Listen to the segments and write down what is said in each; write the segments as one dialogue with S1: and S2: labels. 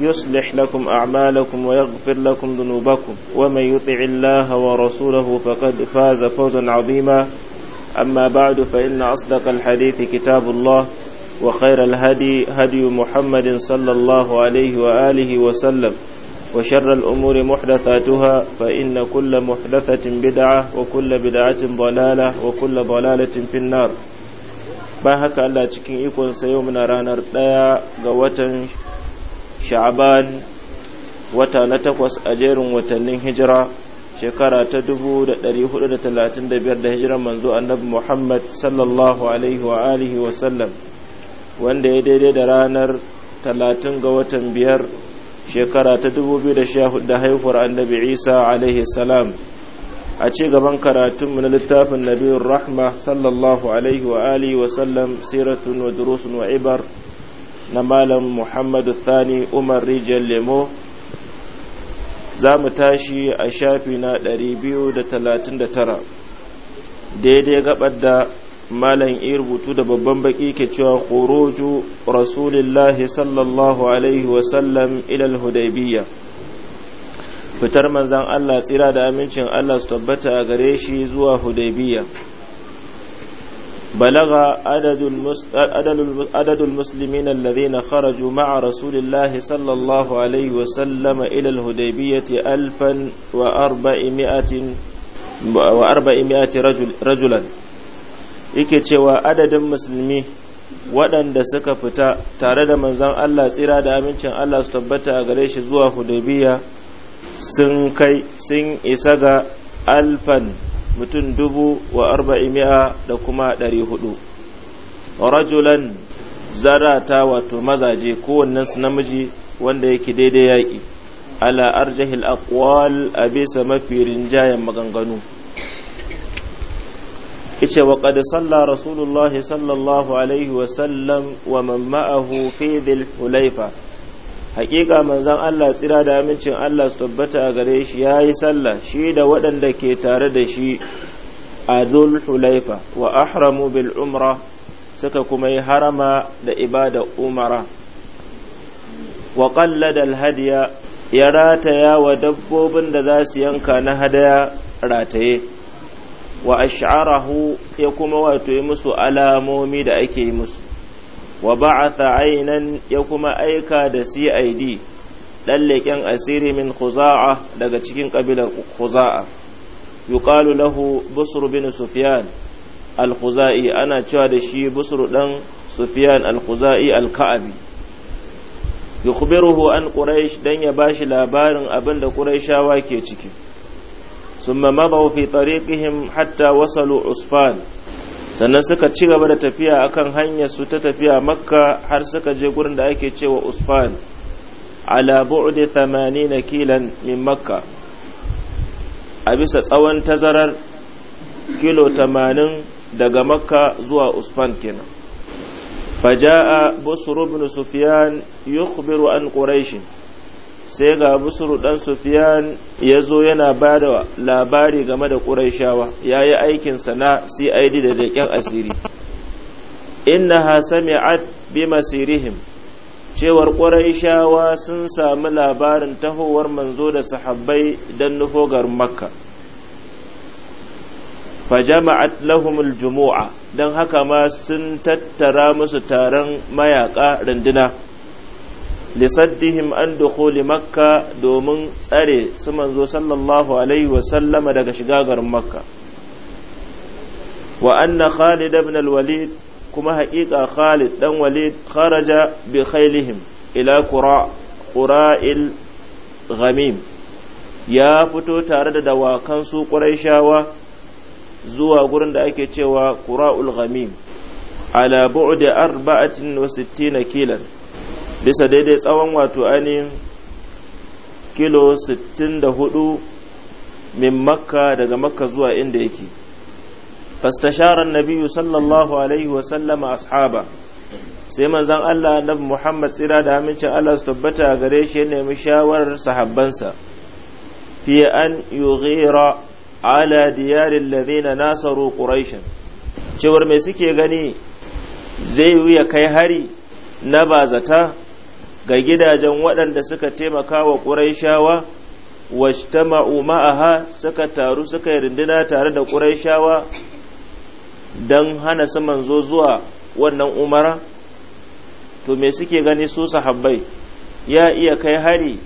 S1: يصلح لكم أعمالكم ويغفر لكم ذنوبكم ومن يطع الله ورسوله فقد فاز فوزا عظيما أما بعد فإن أصدق الحديث كتاب الله وخير الهدي هدي محمد صلى الله عليه وآله وسلم وشر الأمور محدثاتها فإن كل محدثة بدعة وكل بدعة ضلالة وكل ضلالة في النار باهك الله تكين إيكون سيومنا رانر دايا قوة sha'aban wata na takwas a jerin watannin hijira shekara ta 435 da hijiran manzo annabi Muhammad sallallahu alaihi wa alihi wa sallam wanda ya daidai da ranar 30 ga watan biyar shekara ta 2014 da haihuwar annabi Isa alaihi salam a ci gaban karatunmu na littafin nabiyur rahma sallallahu alaihi wa alihi wa sallam siratun wa durusun wa ibar na malam muhammadu thani umar rijiyar lemo za mu tashi a shafi na 239 daidai gabar da malam yi rubutu da babban baki ke cewa horoju rasulillahi sallallahu alaihi wasallam ilal hudaibiyya fitar manzan allah tsira da amincin allah su tabbata a gare shi zuwa hudaibiyya بلغ عدد المسلمين الذين خرجوا مع رسول الله صلى الله عليه وسلم إلى الهديبية ألفا وأربعمائة وأربعمائة رجل رجلا yake cewa adadin musulmi waɗanda suka fita tare da manzon Allah tsira da amincin Allah su tabbata a gare shi zuwa hudabiya sun kai sun isa ga alfan mutum dubu wa arba'imi'a da kuma ɗari hudu rajulan zarata wato mazaje kowannensu namiji wanda yake daidai yaƙi ala arjahil aqwal a bisa mafi rinjayen maganganu ice wa qad salla sallallahu alaihi wa sallam wa man ma'ahu fi dhil hulaifa hakika manzon Allah tsira da amincin Allah su tabbata a gare shi ya yi sallah shi da waɗanda ke tare da shi a hulaifa wa ahramu bil umra suka kuma yi harama da ibada umara wa qallada al ya rataya wa dabbobin da za su yanka na hadaya rataye wa ash'arahu ya kuma wato yi musu alamomi da ake yi musu wa ba'atha aynan ya kuma aika da CID dan leken asiri min Khuza'a daga cikin kabilar Khuza'a yuqalu lahu Busr bin Sufyan al-Khuzai ana cewa da shi Busr dan Sufyan al-Khuzai al-Ka'abi yukhbiruhu an quraish dan ya bashi labarin abin da quraishawa ke ciki summa madaw fi tariqihim hatta wasalu usfan sannan suka ci gaba da tafiya akan hanyar su ta tafiya makka har suka je gurin da ake cewa usfan ala bu'di 80 kilan min makka a bisa tsawon tazarar kilo 80 daga makka zuwa usfan kenan faja'a بصر ibn sufyan yukhbiru an quraishin sai ga busuru dan sufiyan ya zo yana ba da labari game da ƙuraishawa ya yi aikin sana cid da leƙen asiri Inna innaha sami'at bi masirihim cewar ƙuraishawa sun sami labarin tahowar manzo da sahabbai don nufogar Makka. makka fajama'at lahumul jumu'a don haka ma sun tattara musu taron mayaka runduna lisaddihim an dukhuli makka domin tsare su manzo sallallahu alaihi wasallama daga shiga garin makka wa anna khalid ibn walid kuma haƙiƙa khalid ɗan walid kharaja bi ila qura qura'il ghamim ya fito tare da dawakan su quraishawa zuwa gurin da ake cewa qura'ul ghamim ala bu'di 64 kilan bisa daidai tsawon wato ainihin kilo 64 min makka daga makka zuwa inda yake fastashara nabiyu sallallahu alaihi sallam ashaba sai manzan Allah na Muhammad tsira da amincin Allah su tabbata gare shi ya nemi shawarar sahabbansa fiye an yughira ala diyarin ladina nasaru quraishan cewar mai suke gani zai yi ya kai hari na bazata ga gidajen waɗanda suka taimaka wa ƙuraishawa wajtama'u ma'aha suka taru suka yi rindina tare da ƙuraishawa don hana su manzo zuwa wannan umara to me suke gani su sahabbai ya iya kai hari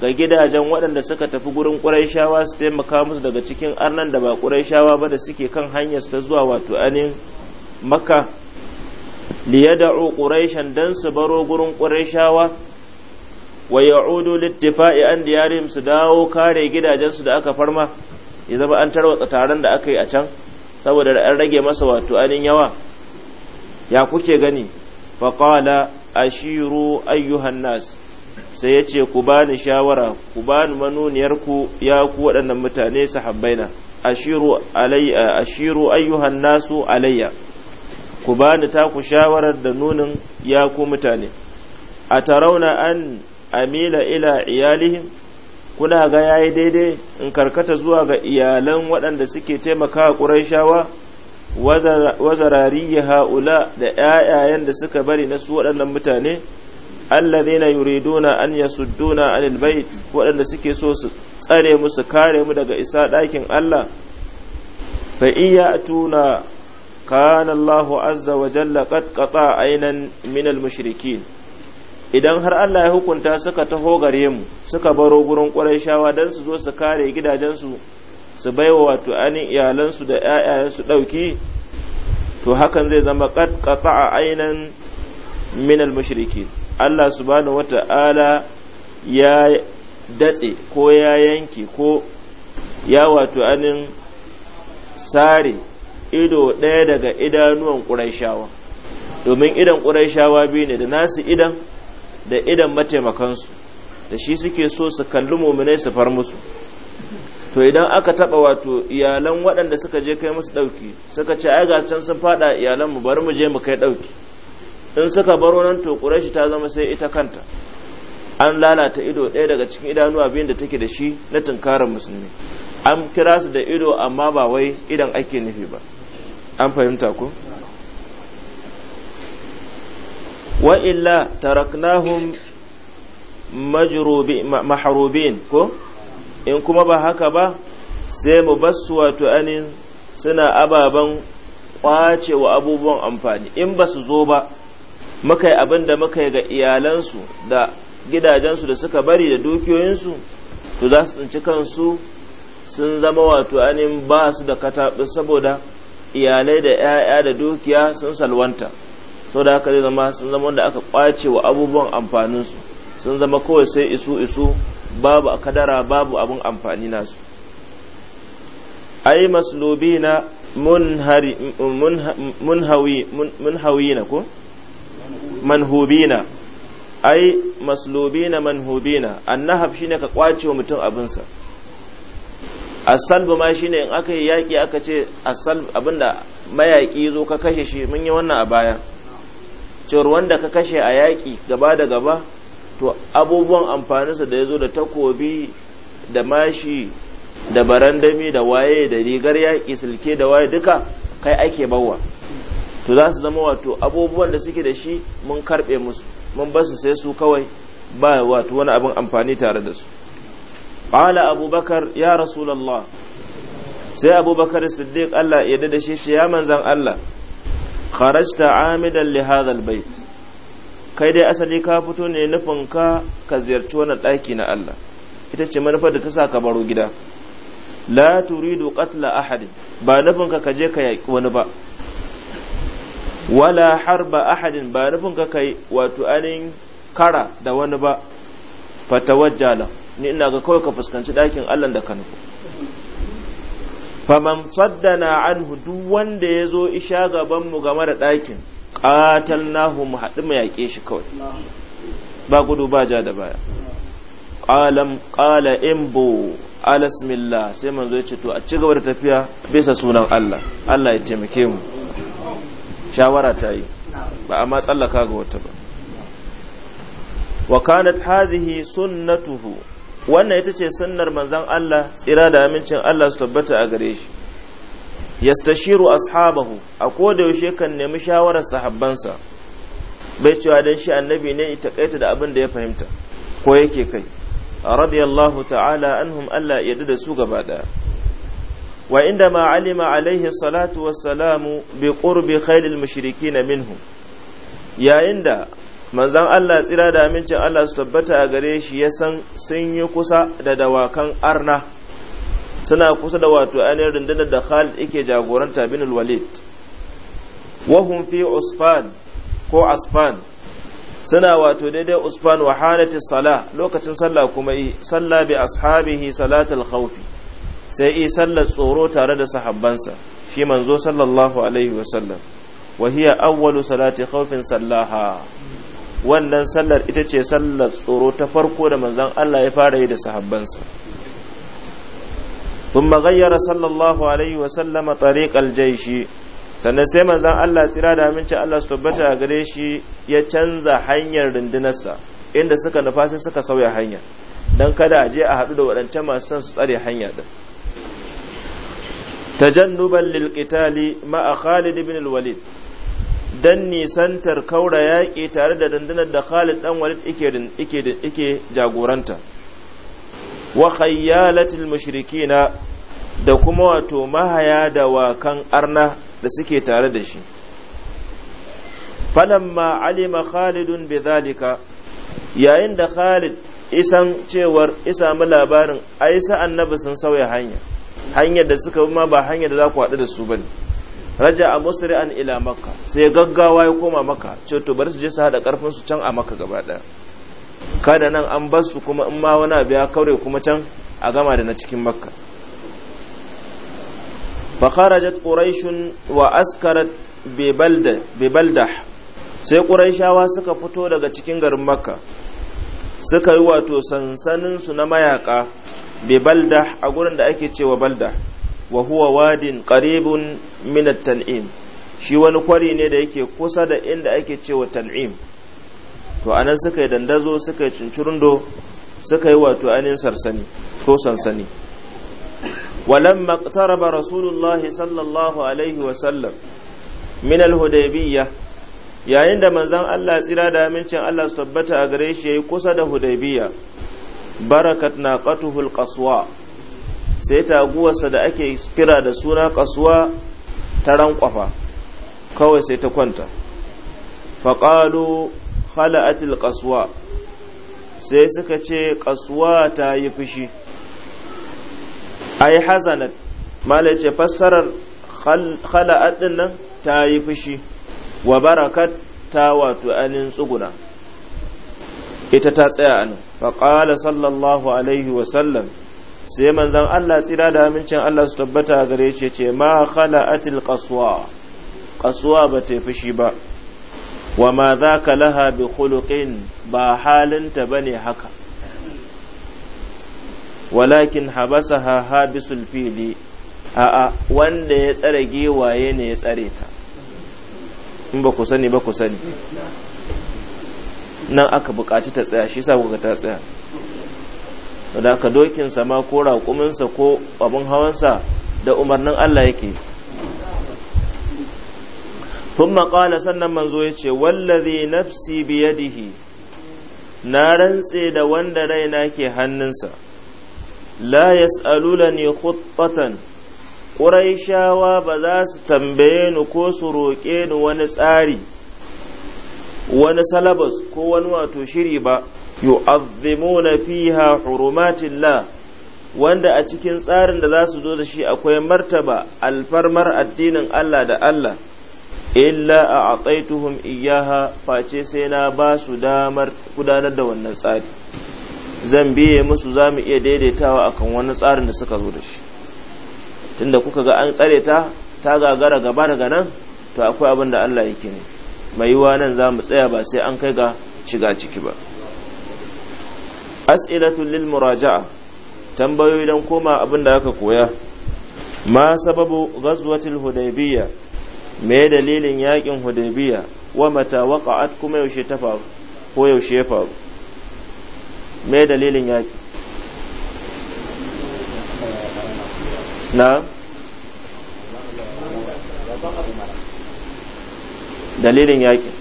S1: ga gidajen waɗanda suka tafi gurin ƙuraishawa su taimaka musu daga cikin arnan da ba ƙuraishawa ba da suke kan hanyar ta zuwa wato anin makka liyada'u quraishan dan su baro gurin quraishawa wa ya'udu littifa'i an diyarim su dawo kare gidajensu da aka farma ya zama an tarwatsa taron da aka yi a can saboda an rage masa wato anin yawa ya kuke gani faƙala ashiru ayyuhan nas sai yace ku bani shawara ku bani manuniyarku ya ku waɗannan mutane sahabbaina ashiru alayya ashiru ayyuhan nasu alayya ku bani taku shawarar da nunin ya ku mutane a tarauna an amila ila iyalihim kuna ga yayi daidai in karkata zuwa ga iyalan waɗanda suke taimaka ƙurayshawa wazarariya ha'ula da ƴaƴayen da suka bari na su waɗannan mutane, allazina yuriduna an yasudduna anil bait waɗanda suke so su tsare mu su kare mu daga isa ɗakin Allah, fa iya tuna kana Allahu azza wa jalla qad qata aynan min al-mushrikin idan har Allah ya hukunta suka taho gare mu suka baro gurin shawa dan su zo su kare gidajensu su baiwa wato anin iyalansu da ƴaƴayensu ɗauki to hakan zai zama qad qata aynan min al-mushrikin Allah subhanahu wata'ala ya datse ko ya yanke ko ya wato anin sare ido ɗaya daga idanuwan ƙuraishawa domin idan ƙuraishawa biyu ne da nasu idan da idan mataimakansu da shi suke so su kalli muminai su far musu to idan aka taba wato iyalan waɗanda suka je kai musu ɗauki suka ce ai ga can sun faɗa iyalan mu bari mu je mu kai ɗauki in suka bar nan to ƙurashi ta zama sai ita kanta an lalata ido ɗaya daga cikin idanuwa biyun da take da shi na tunkarar musulmi an kira su da ido amma ba wai idan ake nufi ba an fahimta ko wa illa taraknahum mahrubin ko in kuma ba haka ba sai mu basu wato anin suna ababen kwace wa abubuwan amfani in ba su zo ba muka yi abin da muka ga iyalansu da gidajensu da suka bari da dukiyoyinsu to za su tsinci kansu sun zama wato anin ba su da kataɓi saboda iyalai da 'ya'ya da dukiya sun salwanta sau da haka zai zama sun zama wanda aka kwace wa abubuwan amfaninsu sun zama kawai sai isu isu babu a kadara babu abin amfani nasu ai maslubi na ko manhubina ai maslubina manhubina annahab shine ka kwace wa mutum abinsa asalbu ma shine in aka yi yaki aka ce asalbu abinda mayaƙi zo ka kashe shi mun yi wannan a baya cewar wanda ka kashe a yaƙi gaba da gaba to abubuwan amfaninsa da ya zo da takobi da mashi da barandami da waye da rigar yaƙi silke da waye duka kai ake bawa to za su zama wato abubuwan da suke da shi mun karɓe musu mun basu sai su kawai ba wato wani abin amfani tare da su qala abubakar ya rasulullah sai abubakar siddiq Allah ya dada shi ya manzan Allah kharajta amidan lihazal bai kai dai asali ka fito ne nufin ka ka ziyarci wannan daki na Allah ita ce manufar da ta sa ka baro gida la turidu ƙatla ahadi ba nufin ka kaje ka wani ba wala harba ahadin ba nufin ka kai wato anin kara da wani ba fatawajjala ni ina ga kawai ka fuskanci ɗakin Allah da ka nufo faman saddana anhu duk wanda ya zo isha gaban mu game da ɗakin nahu mu haɗu mu yaƙe shi kawai ba gudu ba ja da baya qalam qala imbu alasmillah sai man ya ce to a ci gaba da tafiya bisa sunan Allah Allah ya taimake mu shawara ta yi ba a tsallaka ga wata ba wa kanat hazihi sunnatuhu wannan ita ce sunnar manzan Allah tsira da amincin Allah su tabbata a gare shi yastashiru ashabahu a koda yaushe kan nemi shawarar sahabbansa bai cewa dan shi annabi ne ita kaita da abin da ya fahimta ko yake kai radiyallahu ta'ala anhum Allah ya da su gaba ɗaya wa inda ma alima alaihi salatu wassalamu bi qurbi khairil mushrikin minhu yayin da manzan Allah tsira da amincin Allah su tabbata a gare shi ya san sun yi kusa da dawakan arna suna kusa da wato ainihin rundunar da Khalid yake jagoranta bin walid wahum fi usfan ko asfan suna wato daidai usfan wa halati sala lokacin sallah kuma yi sallah bi ashabihi salatul khawfi sai yi sallar tsoro tare da sahabbansa shi manzo sallallahu alaihi wasallam wa hiya awwalu salati khawfin sallaha wannan sallar ita ce sallar tsoro ta farko da manzon Allah ya fara yi da sahabbansa ثم magayyara صلى الله عليه وسلم طريق الجيش sannan sai manzan Allah tsira da aminci Allah su tabbata a gare shi ya canza hanyar rundunarsa inda suka nufa sai suka sauya hanya don kada a je a haɗu da waɗancan masu son su tsare hanya ɗin tajannuban lil qitali ma'a Khalid ibn al-Walid dan nisantar kaura yaƙi tare da dandanar da Khalid dan Walid ike jagoranta wa khayyalatil mushrikina da kuma wato mahaya da wakan arna da suke tare da shi falamma alima Khalidun bidhalika yayin da Khalid isan cewar mu labarin ai sa'an annabi sun sauya hanya hanyar da suka ma ba hanyar da za ku haɗu da su bane raja a musri an ila makka sai gaggawa ya koma makka ce to bari su je su hada karfin su can a makka gaba kada nan an bar su kuma in ma wani abu ya kaure kuma can a gama da na cikin makka fa kharajat quraish wa askarat bi balda bi balda sai quraishawa suka fito daga cikin garin makka suka yi wato sansanin su na mayaka bi balda a gurin da ake cewa balda wa huwa wadin qaribun min at-tan'im shi wani kwari ne da yake kusa da inda ake cewa tan'im to anan suka yi dandazo suka yi cincirundo suka yi wato anin sarsani ko sansani ولما اقترب رسول الله صلى الله عليه وسلم من الهديبية yayin da manzon Allah tsira da amincin Allah su tabbata a gare shi yayi kusa da Hudaybiya barakat naqatuhu alqaswa sai ta guwarsa da ake kira da suna kasuwa ta rankwafa kawai sai ta kwanta faƙalo khala'atil kasuwa sai suka ce kasuwa ta yi fushi a yi hazanat mala ce fassarar khala'at din nan ta yi fushi wa barakat ta wato anin tsuguna ita ta tsaya anan faƙala sallallahu alaihi wasallam sai manzon Allah tsira da amincin Allah su tabbata gare shi ce ma khala'atil qaswa qaswa ba ta fushi ba wa ma zaka laha bi khuluqin ba halinta bane haka walakin habasaha habisul fili a'a wanda ya tsare giwaye ne ya tsare ta in ba ku sani ba ku sani nan aka bukaci ta tsaya shi sa kuka ta tsaya da ka dokinsa ma ko raƙuminsa ko abin hawansa da umarnin Allah yake tun maƙala sannan manzo yace wallazi nafsi biyadihi na rantse da wanda raina ke hannunsa la ne khuttatan quraishawa ba za su tambaye ni ko su roƙe ni wani tsari wani salabas ko wani wato shiri ba yu'azzimuna fiha hurumatillah wanda a cikin tsarin da za su zo da shi akwai martaba alfarmar addinin Allah da Allah illa a ataituhum iyaha face sai na ba su damar gudanar da wannan tsari zan biye musu za mu iya daidaitawa akan wani tsarin da suka zo da shi tunda kuka ga an tsare ta ta gagara gaba daga nan to akwai abin da Allah yake ne mai yiwa nan za mu tsaya ba sai an kai ga shiga ciki ba as'ilatul lil muraja'a tambayoyi don koma abin da aka koya ma sababu ghazwatil hudaybiyya me dalilin yakin hudaybiyya wa mata waqa'at kuma yaushe ta faru ko yaushe ya faru me dalilin yaki na'am dalilin yaki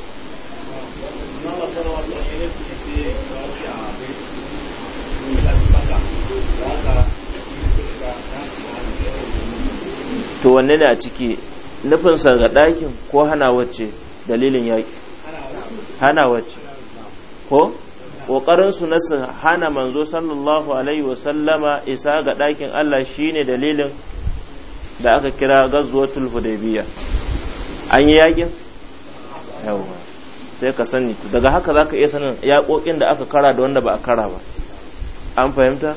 S1: to wanne ne a ciki nufinsa ga ɗakin ko hana wacce dalilin yaƙi hana wacce ko ƙoƙarinsu na su hana manzo sallallahu alaihi wasallama isa ga ɗakin Allah shine dalilin da aka kira gazuwatul hudaybiya an yi yaƙin yawa sai ka sani daga haka za ka iya sanin yaƙoƙin da aka kara da wanda ba a kara ba an fahimta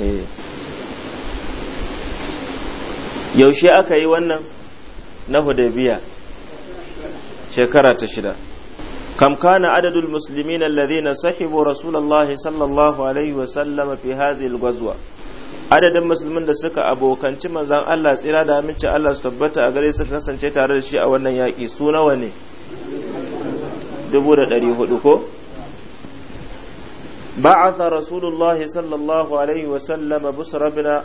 S1: eh yaushe aka yi wannan na hudabiya shekara ta shida kam kana adadul muslimin alladhina sahibu rasulullah sallallahu alaihi wa sallam fi hadhihi adadin musulmin da suka abokanci manzon Allah tsira da aminci Allah su tabbata a gare su kasance tare da shi a wannan yaki su nawa ne dubu da hudu ko بعث رسول الله صلى الله عليه وسلم بسر بن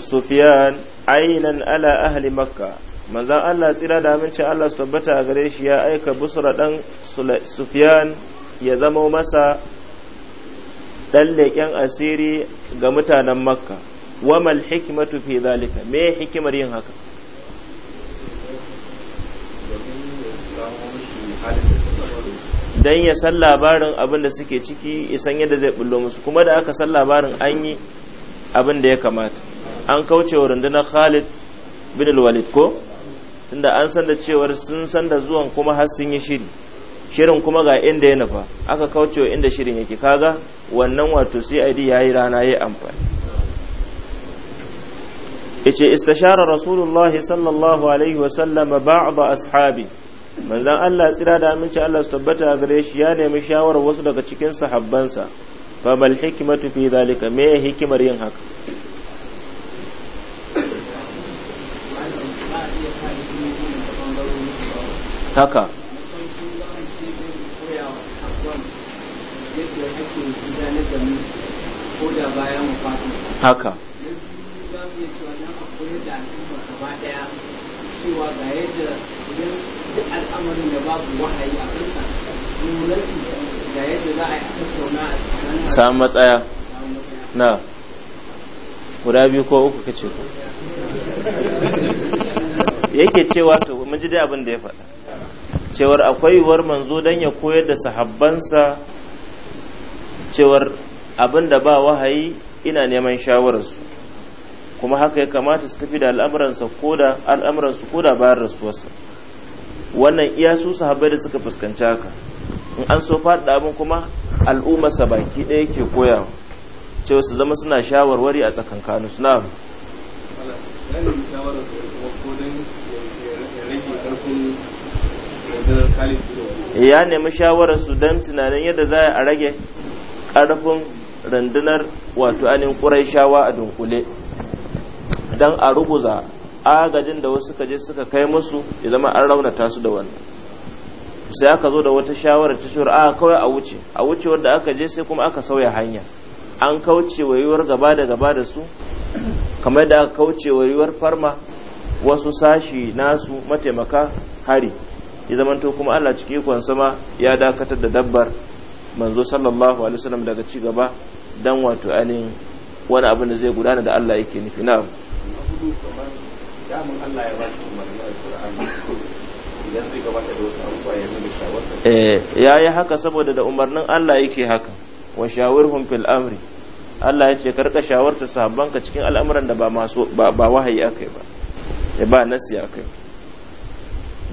S1: sufiyan ainan ala ahli makka manzan Allah tsira da aminci Allah su tabbata a gare shi ya aika busra dan sufiyan ya zama masa dan leƙen asiri ga mutanen makka wamal hikmatu fi zalika me hikimar yin haka dan ya san labarin abin da suke ciki isan yadda zai bullo musu kuma da aka san labarin an yi abin da ya kamata an kauce wa rundunar Khalid bin Walid ko tunda an san da cewar sun san da zuwan kuma har sun yi shiri shirin kuma ga inda ya nufa aka kauce wa inda shirin yake kaga wannan wato CID yayi rana yayi amfani yace istashara rasulullahi sallallahu alaihi wa sallama ba'd ashabi manzon Allah tsira da aminci Allah su tabbata gare shi ya nemi shawarar wasu daga cikin sahabbansa fa mal hikmatu fi zalika me hikimar yin haka haka haka cewa matsaya na guda biyu ko uku kace ko yake cewa to mun ji dai abin da ya faɗa cewar akwai yiwuwar manzo don ya koyar da sahabbansa cewar abin da ba wahayi ina neman shawararsu kuma haka ya kamata su tafi da al'amuransa ko da al'amuransu ko da bayan rasuwarsa wannan iya su sahabbai da suka fuskanci haka in an so faɗa abin kuma al'ummarsa baki ɗaya ke koyawa cewa su zama suna shawarwari a tsakankanin suna ya nemi shawararsu don tunanin yadda za a rage ƙarfin rundunar wato anin ƙurai shawa a dunkule don a ruguza agajin da wasu kaje suka kai musu ya zama an raunata su da wannan sai aka zo da wata shawarar ta shura a kawai a wuce a wuce wadda aka je sai kuma aka sauya hanya an kauce wa yiwuwar gaba da gaba da su kamar da aka kauce wa yiwuwar farma wasu sashi nasu mataimaka hari ya zamanto kuma Allah cikin ikon sama ya dakatar da dabbar manzo sallallahu alaihi wasallam daga ci gaba dan wato ainihin wani abin da zai gudana da Allah yake nufi na eh, ya yi haka saboda da umarnin Allah yake haka wa shawirhum fil amri Allah ya ce karka shawarta sahabbanka cikin al'amuran da ba masu ba wahayi akai ba ya ba nasi akai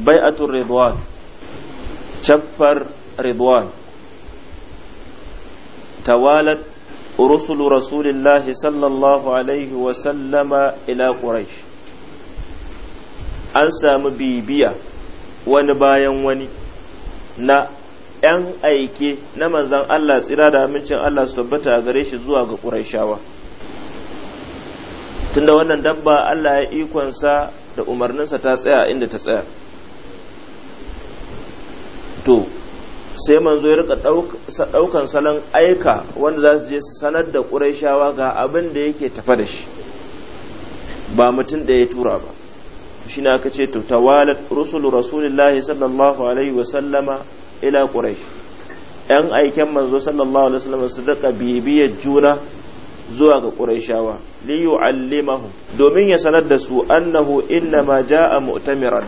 S1: bai'atul ridwan shaffar ridwan tawalat rusulu rasulillahi sallallahu alaihi wasallama ila quraish an samu bibiya wani bayan wani na ‘yan aike na manzan Allah tsira da amincin Allah su tabbata a gare shi zuwa ga ƙuraishawa. Tunda wannan dabba Allah ya ikonsa da umarninsa ta tsaya inda ta tsaya. to sai manzo ya rika daukan salon aika wanda za su je su sanar da ƙuraishawa ga abin da yake tafa da shi ba mutum da ya tura ba shi ne aka ce to tawalat rusul rasulullahi sallallahu alaihi wa sallama ila quraish yan aiken manzo sallallahu alaihi wasallam su rika bibiyar juna zuwa ga quraishawa li yu'allimahum domin ya sanar da su annahu inna ma ja'a mu'tamiran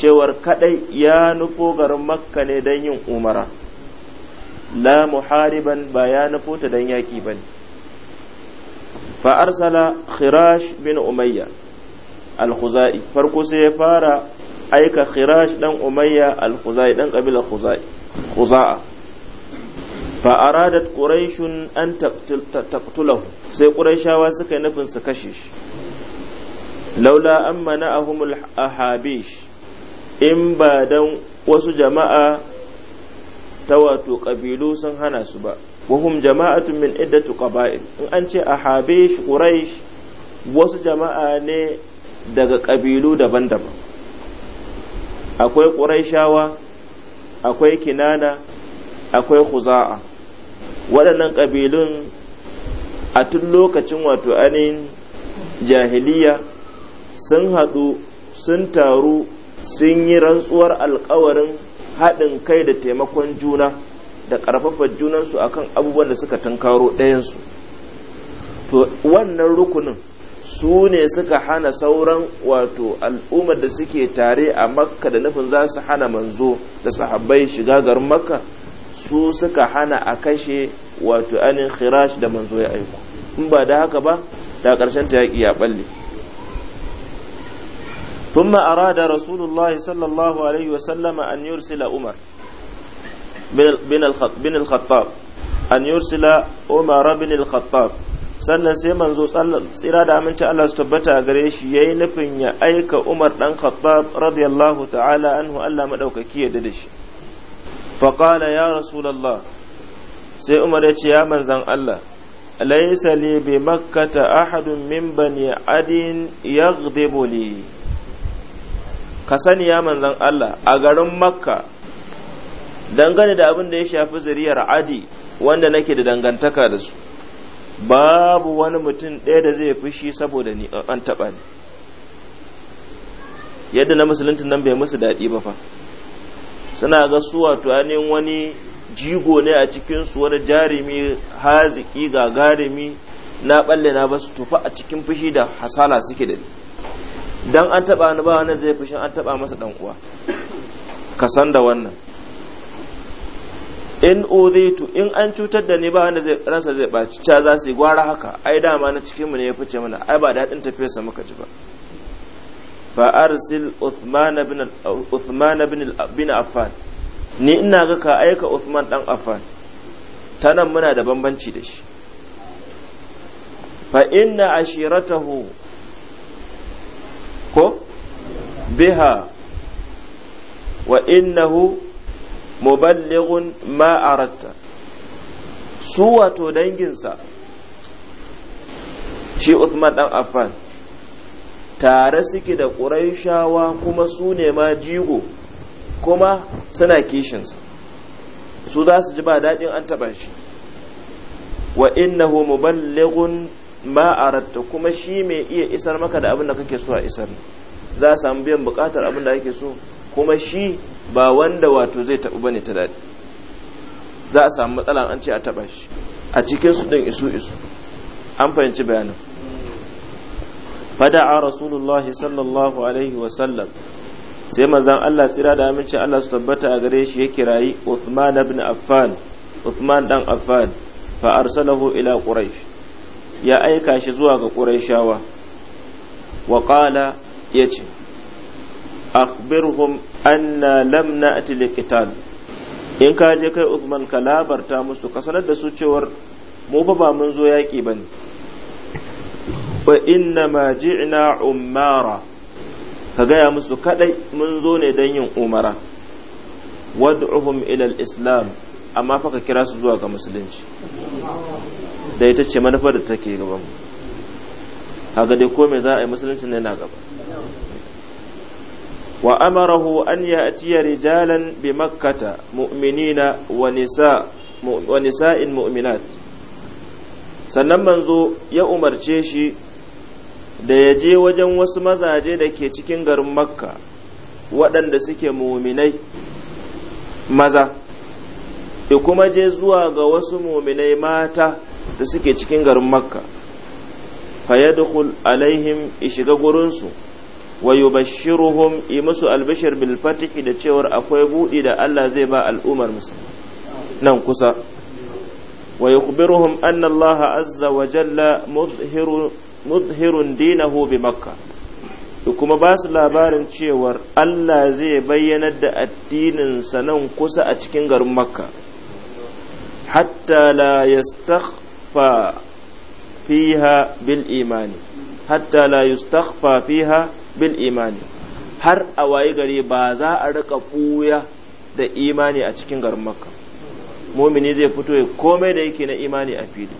S1: cewar kadai ya nufo garin makka ne don yin umara la muhariban ba ya nufo ta don yaƙi ba ne fa'arsala khirash bin umayya al-khuzai farko sai ya fara aika khirash dan umayya al-khuzai dan kabilar khuzai khuza'a fa aradat quraishun an taqtulahu sai quraishawa suka yi nufin su kashe shi laula amma ahumul ahabish in ba dan wasu jama'a ta wato ƙabilu sun hana su ba wahum jama'atun min iddatu qaba'il in an ce a shi quraish wasu jama'a ne daga ƙabilu daban-daban akwai quraishawa akwai kinana akwai khuza'a waɗannan ƙabilun a tun lokacin wato anin jahiliya sun haɗu sun taru sun yi rantsuwar alkawarin haɗin kai da taimakon juna da ƙarfafar junansu a kan abubuwan da suka tunkaro ɗayansu to wannan rukunin su ne suka hana sauran wato al'ummar da suke tare a makka da nufin za su hana manzo da sahabbai shiga garin makka su suka hana a kashe wato anin khirash da manzo ya aiko in ba da haka ba da ƙarshen ta yaƙi ya ɓalle ثم أراد رسول الله صلى الله عليه وسلم أن يرسل عمر بن الخطاب أن يرسل عمر بن الخطاب sannan sai manzo tsira da aminci Allah su tabbata a gare shi yayi nufin ya aika Umar dan Khattab radiyallahu ta'ala anhu Allah madaukaki ya da shi fa qala ya rasulullah sai Umar ya ce ya manzan Allah laysa li bi makkata ahadun min bani adin yaghdibu li ka sani ya manzan Allah a garin makka dangane da abin da ya shafi zuriyar adi wanda nake da dangantaka da su babu wani mutum ɗaya da zai fushi saboda ni an taɓa ni yadda na musulunci nan bai musu daɗi ba fa suna ga su wato ainihin wani jigo ne a cikin su wani jarumi haziki gagarumi na ɓalle na basu tufa a cikin fushi da hasala suke da ni dan an taba ni ba wannan zai fushin an taba masa dan uwa ka san da wannan in udhitu in an cutar da ni ba wanda zai ransa zai baci ca za su yi gwara haka ai dama na cikin mu ne ya fice mana ai ba daɗin tafiyarsa muka ji ba fa arsil uthman bin uthman bin affan ni ina ga ka aika uthman dan affan ta nan muna da bambanci da shi fa inna ashiratahu ko biha wa innahu muballighun ma aratta su wato danginsa shi usman dan Affan tare suke da ƙuraishawa kuma su ne ma jigo kuma suna kishinsa su zasu ji ba daɗin an taɓa shi wa innahu muballighun ma aratta kuma shi mai iya isar maka da abin da kake so a isar za a samu biyan bukatar abin da kake so kuma shi ba wanda wato zai taɓa bane ta daɗi za a samu matsala an ce a taɓa shi a cikin su ɗin isu isu an fahimci bayanin fada'a rasulullah sallallahu alaihi wa sallam sai manzon Allah tsira da aminci Allah su tabbata a gare shi ya kirayi Uthman ibn Affan Uthman dan Affan fa arsalahu ila Quraysh ya aika shi zuwa ga ƙurayshawa wa ya yace akhbirhum anna lam na'ti liqital in ka je kai Uthman ka labarta musu ka sanar da su cewar mu fa ba mun zo yaƙi bane wa inna ma ji'na umara ka gaya musu kadai mun zo ne don yin umara wad'uhum ila al-islam amma fa ka kira su zuwa ga musulunci da ita ce manufar da take gaban a dai ko me za a yi musulunci ne na gaba wa amarahu an ya atiya rijalan bi makkata mu'minina wa nisa wa nisa'in mu'minat sannan manzo ya umarce shi da ya je wajen wasu mazaje da ke cikin garin makka waɗanda suke muminai maza ya kuma je zuwa ga wasu muminai mata da suke cikin garin makka fayadkhul alaihim ishiga gurinsu wa yubashshiruhum yi musu albashir bil fatihi da cewar akwai buɗi da Allah zai ba al'ummar musulmi nan kusa wa yukhbiruhum anna Allah azza wa jalla mudhiru dinahu bi makka kuma ba su labarin cewar Allah zai bayyanar da addinin nan kusa a cikin garin makka hatta la yastakhfa fiha bil imani hatta la bil imani har a wayi gare ba za a rika buya da imani a cikin garin makka mumini zai fito komai da yake na imani a fili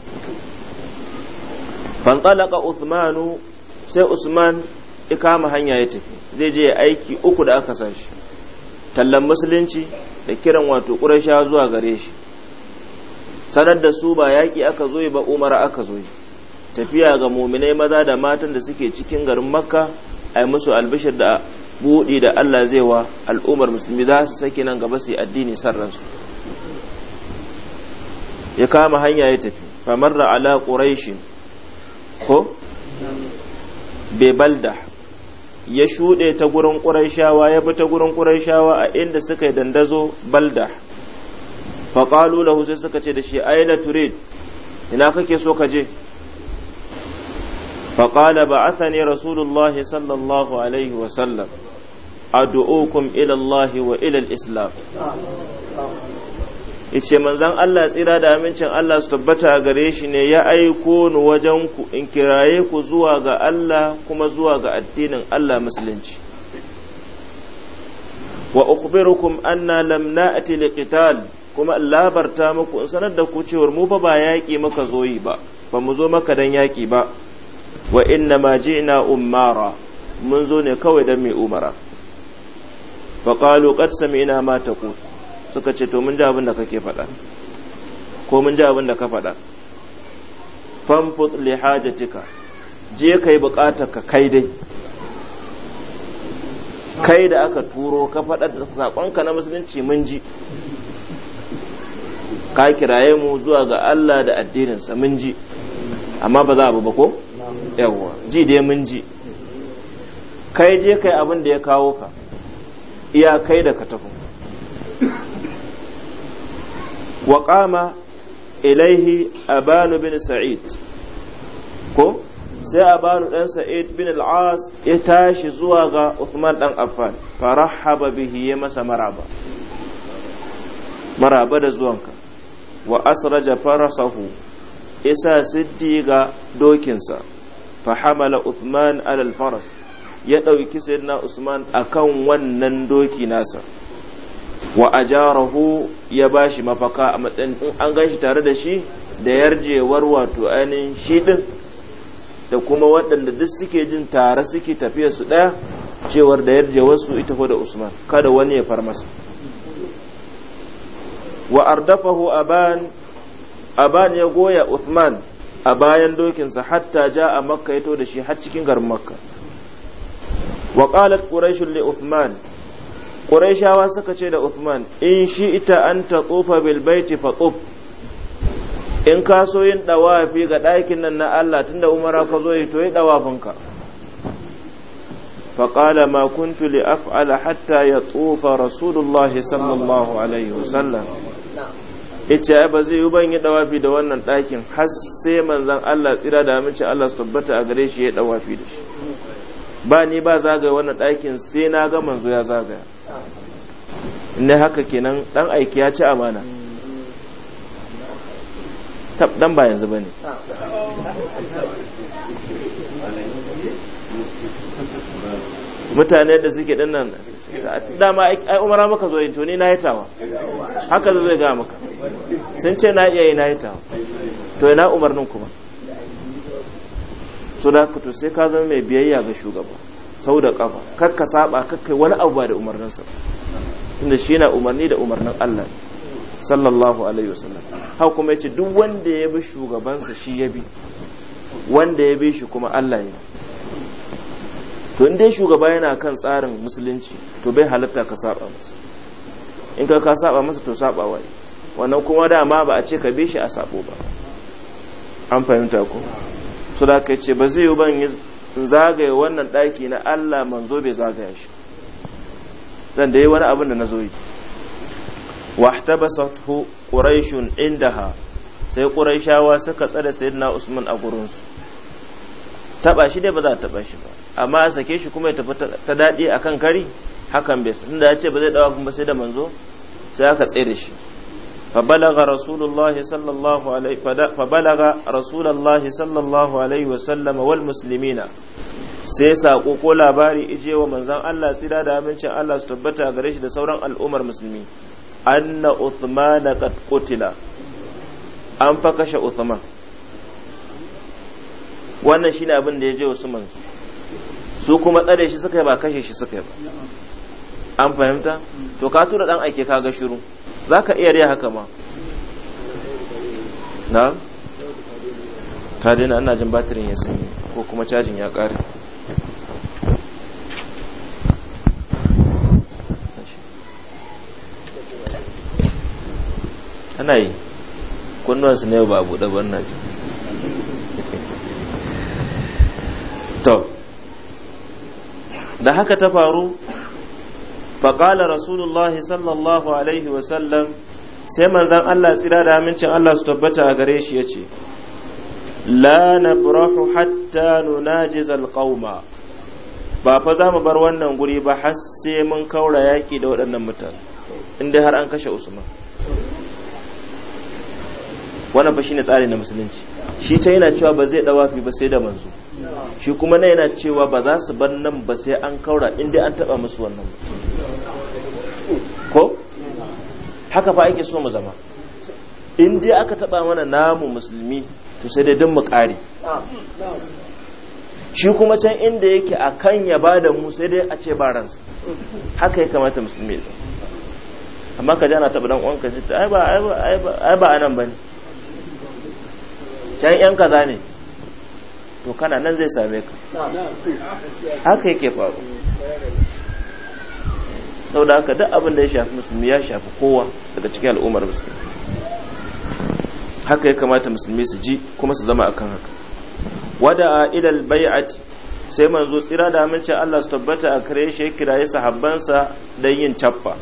S1: fantalaka uthmanu sai usman ya kama hanya ya tafi zai je aiki uku da aka sashi tallan musulunci da kiran wato ƙurasha zuwa gare shi sanar da su ba yaƙi aka zo ba umara aka zo tafiya ga muminai maza da matan da suke cikin garin makka a yi musu albishir da buɗi da allah zai wa al'ummar musulmi za su sake nan gaba su addini sarransu ya kama hanya ya tafi famarra ala ƙuraishin ko bebalda ya shuɗe ta gurin ƙuraishawa ya bi ta gurin ƙuraishawa a inda suka yi dandazo balda faƙalu lahu sai suka ce da shi aina turid ina kake so ka je faƙala ba a ne rasulullah sallallahu alaihi wasallam addu'ukum ila Allah wa ilal islam ice manzan Allah tsira da amincin Allah su tabbata gare shi ne ya aiko ni wajen ku in kiraye ku zuwa ga Allah kuma zuwa ga addinin Allah musulunci wa ukhbirukum anna lam na'ti liqital kuma in labarta muku in sanar da ku cewar mu fa ba yaki maka zoyi ba ba mu zo maka dan yaki ba wa inna ma ji'na ummara mun zo ne kawai dan mai umara fa qalu qad sami'na ma taqul suka ce to mun ji abin da kake faɗa ko mun ji abin da ka faɗa famfut li hajatika je kai bukatar ka kai dai kai da aka turo ka faɗa da saƙonka na musulunci mun ji ka kiraye mu zuwa ga Allah da addininsa mun ji amma ba za a ba ko yawwa ji dai mun ji kai je kai abin da ya kawo ka iya kai da ka tafi wa qama ilaihi abanu bin sa'id ko sai abanu dan sa'id bin al ya tashi zuwa ga Uthman dan Affan farahaba bihi ya masa maraba maraba da zuwanka wa asraja farasahu isa siddiga dokinsa fa hamala Uthman alal faras ya ɗauki sayyidina Usman akan wannan doki nasa wa ajarahu ya bashi mafaka a matsayin in an gashi tare da shi da yarjewar wato ainihin shi din da kuma waɗanda duk suke jin tare suke tafiya su ɗaya cewar da yarjewarsu ita ko da Usman kada wani ya far masa wa ardafahu aban ya goya Uthman a bayan dokinsa hatta ja a makka ya to da shi har cikin garin makka wa qalat quraish li Uthman quraishawa suka ce da Uthman in shi ita an ta tsufa bil baiti fa in ka so yin dawafi ga ɗakin nan na Allah tunda umara ka zo yi to yi dawafinka فقال ما كنت لأفعل حتى يطوف رسول الله صلى الله عليه وسلم ita ba zai yi ban yi dawafi da wannan ɗakin har sai manzan Allah tsira da amince Allah su tabbata a gare shi ya dawafi da shi ba ni ba zagaya wannan ɗakin sai na ga manzo ya zagaya ne haka kenan dan aiki ya ci amana tab dan ba yanzu bane mutane da suke dan nan dama ai umara maka zo yin to ni na yi tawa haka zai ga maka sun ce na iya yi na yi tawa to ina umarnin kuma so da to sai ka zama mai biyayya ga shugaba sau da kafa kar ka saba kar kai wani abu ba da umarninsa tunda shi na umarni da umarnin Allah sallallahu alaihi wasallam haka kuma yace duk wanda ya bi shugabansa shi ya bi wanda ya bi shi kuma Allah ya bi to in dai shugaba yana kan tsarin musulunci to bai halatta ka saba masa in ka ka saba masa to saba wai wannan kuma dama ba a ce ka bi shi a sabo ba an fahimta ko so da ka ce ba zai yi ban zagaye wannan daki na Allah manzo bai zagaya shi zan da yi wani abin da na zo yi wahtabasathu quraish indaha sai quraishawa suka tsare sayyidina usman a gurin su. taba shi dai ba za ta taba shi ba amma a sake shi kuma ya tafi ta daɗi a kan kari hakan bai tunda ya ce ba zai ɗawa kuma sai da manzo sai aka tsaye da shi فبلغ رسول sallallahu alaihi wa عليه wal رسول sai sako ko labari ije wa manzan Allah tsira da amincin Allah su tabbata gare shi da sauran al'ummar musulmi anna Uthman qad qutila an fa kashe Uthman wannan shine abin da ya je wasu manzo su kuma tsare shi suka yi ba kashe shi suka yi
S2: ba
S1: an fahimta to ka tura dan aike ka ga shiru za ka iya riya haka ma na ta daina ana jin batirin ya sanyi ko kuma cajin ya kare. ana yi kunnuwansu ne ba buɗe ban na ji da haka ta faru faƙala rasulullahi sallallahu alaihi wasallam sai manzan Allah tsira da amincin Allah su tabbata a gare shi ya ce la na hatta nunajiz alqauma ba fa za mu bar wannan guri ba har sai mun kaura yaƙi da waɗannan mutane inda har an kashe usman wannan fa shine tsari na musulunci shi ta yana cewa ba zai dawafi ba sai da manzo shi kuma na yana cewa ba za su ban nan ba sai an kaura inda an taba musu wannan ko haka fa ake so mu zama inda aka taba mana namu musulmi to sai dai don mu kare shi kuma can inda yake a kan ya ba da mu sai dai a ce ba ransa haka ya kamata musulmi ya amma ka jana taɓa ɗan uwanka ce ai ba ai ba ai ba anan bane can yan kaza ne to kana nan zai same
S2: ka haka
S1: yake faru sau da haka duk abin da ya shafi musulmi ya shafi kowa daga cikin al'ummar musulmi haka ya kamata musulmi su ji kuma su zama akan haka bai a bai'ati sai manzo tsira da amince Allah su tabbata a kare shi ya kiraye sahabbansa don yin caffa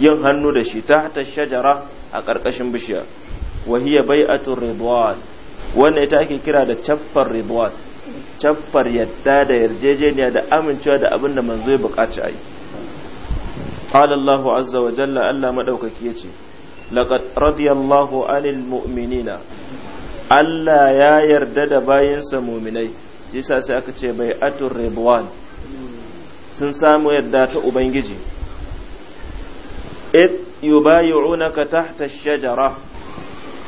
S1: yin hannu da shi ta shajara a ƙarƙashin bishiya wahiya bai'atun ridwan wannan ita ake kira da caffar ridwan caffar yadda da yarjejeniya da amincewa da abin da manzo ya bukaci a yi qala Allahu azza wa jalla Allah madaukaki yace laqad radiyallahu anil mu'minina Allah ya yarda da bayansa muminai shi yasa sai aka ce bai atur ridwan sun samu yarda ta ubangiji id yubayi'unaka tahta ash-shajara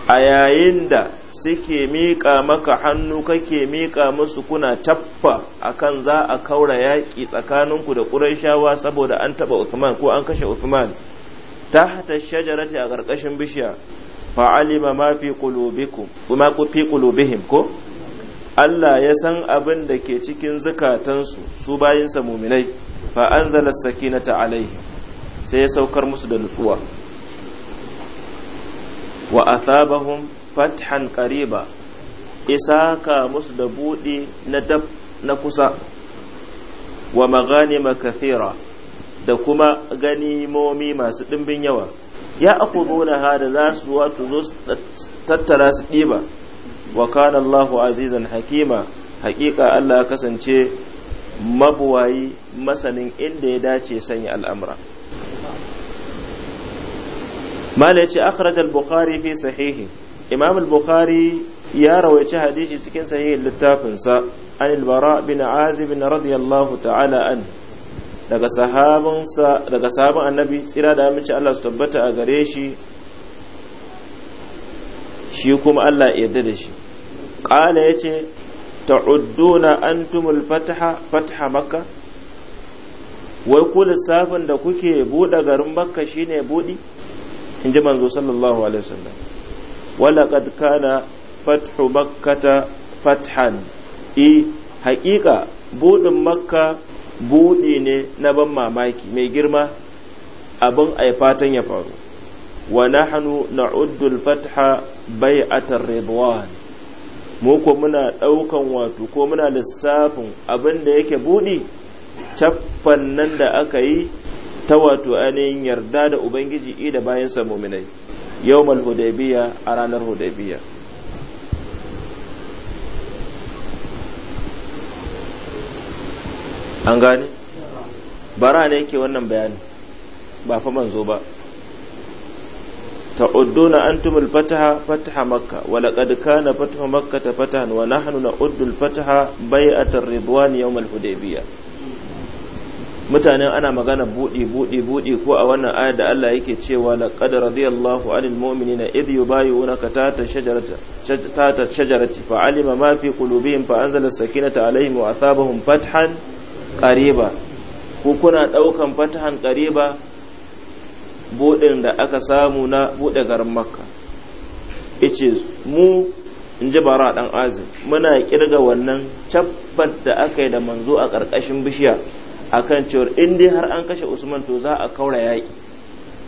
S1: a yayin da suke miƙa maka hannu kake miƙa musu kuna taffa akan za a kaura yaƙi tsakaninku da ƙuraishawa saboda an taɓa Uthman ko an kashe Uthman tahta shajarati a ƙarƙashin bishiya Fa Alima ma fi qulubikum kuma ku fi qulubihim ko Allah ya san abin da ke cikin zukatansu su bayinsa muminai fa anzala sakinata alaihi sai ya saukar musu da nutsuwa wa athabahum fathan qariba ka musu da buɗe na dab na kusa wa maghanima kathira da kuma ganimomi masu ɗimbin yawa ya da hada za su wato zo tattara su ɗiba wa kana Allahu azizan hakima haƙiƙa Allah kasance mabuwayi masanin inda ya dace sanya al'amura mala ya ce akhraj al-bukhari fi sahihi imam bukhari ya rawaici hadisi cikin sahihin littafinsa an al-bara bin azib bin radiyallahu ta'ala an daga sahabansa daga sahaban annabi tsira da amince Allah su tabbata a gare shi shi kuma Allah ya yarda da shi qala yace ta'udduna antumul fataha fatha makka wai ku lissafin da kuke buɗe garin makka shine buɗi in ji manzo sallallahu alaihi wasallam walaƙad kana fathu makkata fathan e haƙiƙa buɗin makka buɗe ne na ban mamaki mai girma abin a fatan ya faru wa nahnu na'uddu al-fatha bai'atar ridwan mu ko muna ɗaukan wato ko muna lissafin abin da yake budi caffan nan da aka yi ta wato ainihin yarda da ubangiji i da bayansa muminai yawmal hudaybiya a ranar hudaybiya an gane bara ne yake wannan bayani ba fa manzo ba ta'udduna antum al-fataha fataha makkah wa laqad kana fatahu makkah fatahan wa nahnu na'uddu al-fataha bai'at ar yau yawm al-hudaybiyah mutanen ana magana buɗe buɗe buɗe ko a wannan ayar da Allah yake cewa laqad radiyallahu 'anil mu'minina idh yubayyi'unaka tata shajarata tata shajarati fa 'alima ma fi qulubihim fa anzala as-sakinata alaihim wa athabahum fathan qariba ko kuna daukan fathan qariba buɗin da aka samu na buɗe garin Makka yace mu in ji bara dan azim muna kirga wannan cabbat da aka yi da manzo a ƙarƙashin bishiya akan cewar in dai har an kashe usman to za a kaura yaƙi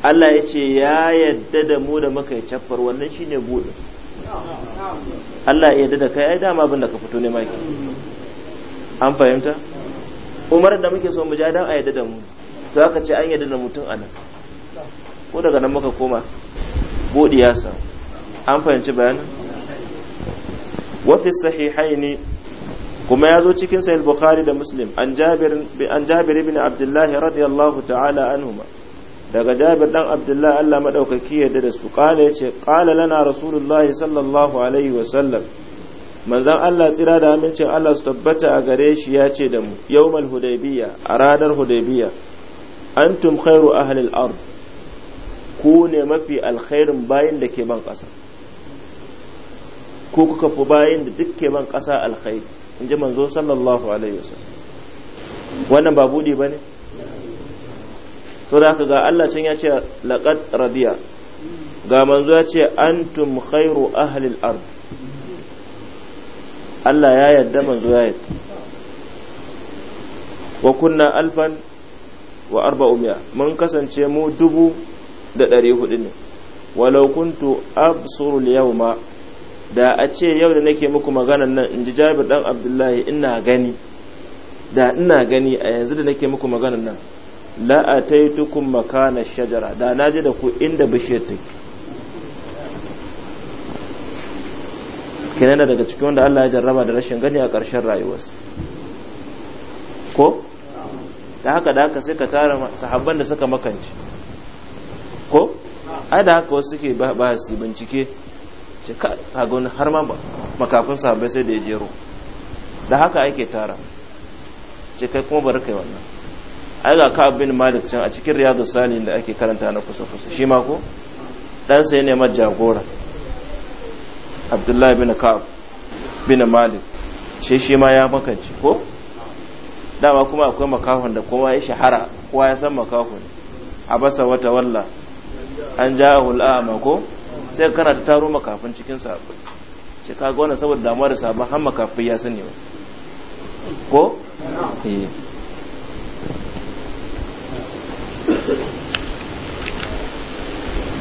S1: allah ya ce ya yadda da mu da muka yi caffar wannan shine buɗe allah ya yadda da kai ai dama abin da ka fito ne maki an fahimta umar da muke so mu ja dan a yadda da mu to aka ce an yadda da mutum anan ko daga nan muka koma buɗe ya samu an fahimci bayanin wafi sahihaini kuma ya zo cikin sahih bukhari da muslim an jabir an jabir ibn abdullah radiyallahu ta'ala anhuma daga jabir dan abdullah Allah madaukaki ya da su kala yace kala lana rasulullahi sallallahu alaihi wa sallam manzon Allah tsira da amincin Allah su tabbata a gare shi ya ce da mu yawmal hudaybiya a ranar hudaybiya antum khairu ahli al-ard ku ne mafi alkhairin bayin da ke ban kasa kuka fi bayin da duk ke ban ƙasa alkhairi in ji manzo sallallahu alaihi wasallam wannan ba buɗe ba ne to da ga Allah can ya ce laqad radiya ga manzo ya ce antum khairu ahli al-ard Allah ya yadda manzo ya yadda wa kunna alfan wa arba'umiya mun kasance mu dubu da ɗari hudu ne walau kuntu absuru yawma da a ce yau da nake muku maganan nan in ji jabir dan abdullahi ina gani da ina gani a yanzu da nake muku maganan nan la ataitukum makana shajara da naje da ku inda bishiyar take kenan daga cikin wanda Allah ya jarraba da rashin gani a ƙarshen rayuwarsa ko da haka da haka sai ka tara sahabban da suka makance ko ai da haka wasu suke ba su bincike ce ka ga wani har ma makafin sahabbai sai da ya jero da haka ake tara ce kai kuma bari kai wannan ai ga ka bin malik can a cikin riyadu salihin da ake karanta na kusa kusa shi ma ko dan sai ne ma jagora abdullahi bin ka'ab bin malik shi shi ma ya makanci ko dama kuma akwai makafin da kowa ya shahara kowa ya san makahon abasa wata walla an ja'ahul a ko sai kana ta taro makafin cikin sahabbai ce ka ga wannan saboda damuwa da sabon har makafin ya sani ba ko eh.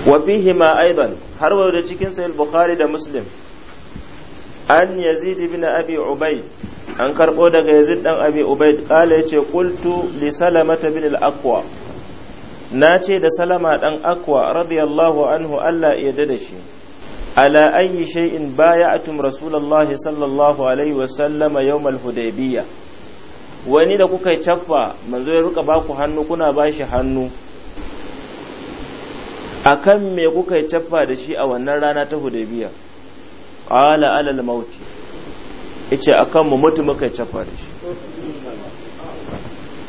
S1: wa fihi ma aidan har wa da cikin sahih bukhari da muslim an yazid ibn abi ubayd an karbo daga yazid dan abi ubayd kala yace qultu li salamata bin al-aqwa na ce da salama ɗan akwa radiyallahu anhu Allah ya da shi ala ayyi shay'in baya'atum rasulullahi sallallahu alaihi wa sallama al hudaybiyya wani da kuka caffa manzo ya ruka baku hannu kuna bashi hannu akan me kuka caffa da shi a wannan rana ta hudaybiyya qala al-maut yace akan mu mutu muka caffa da shi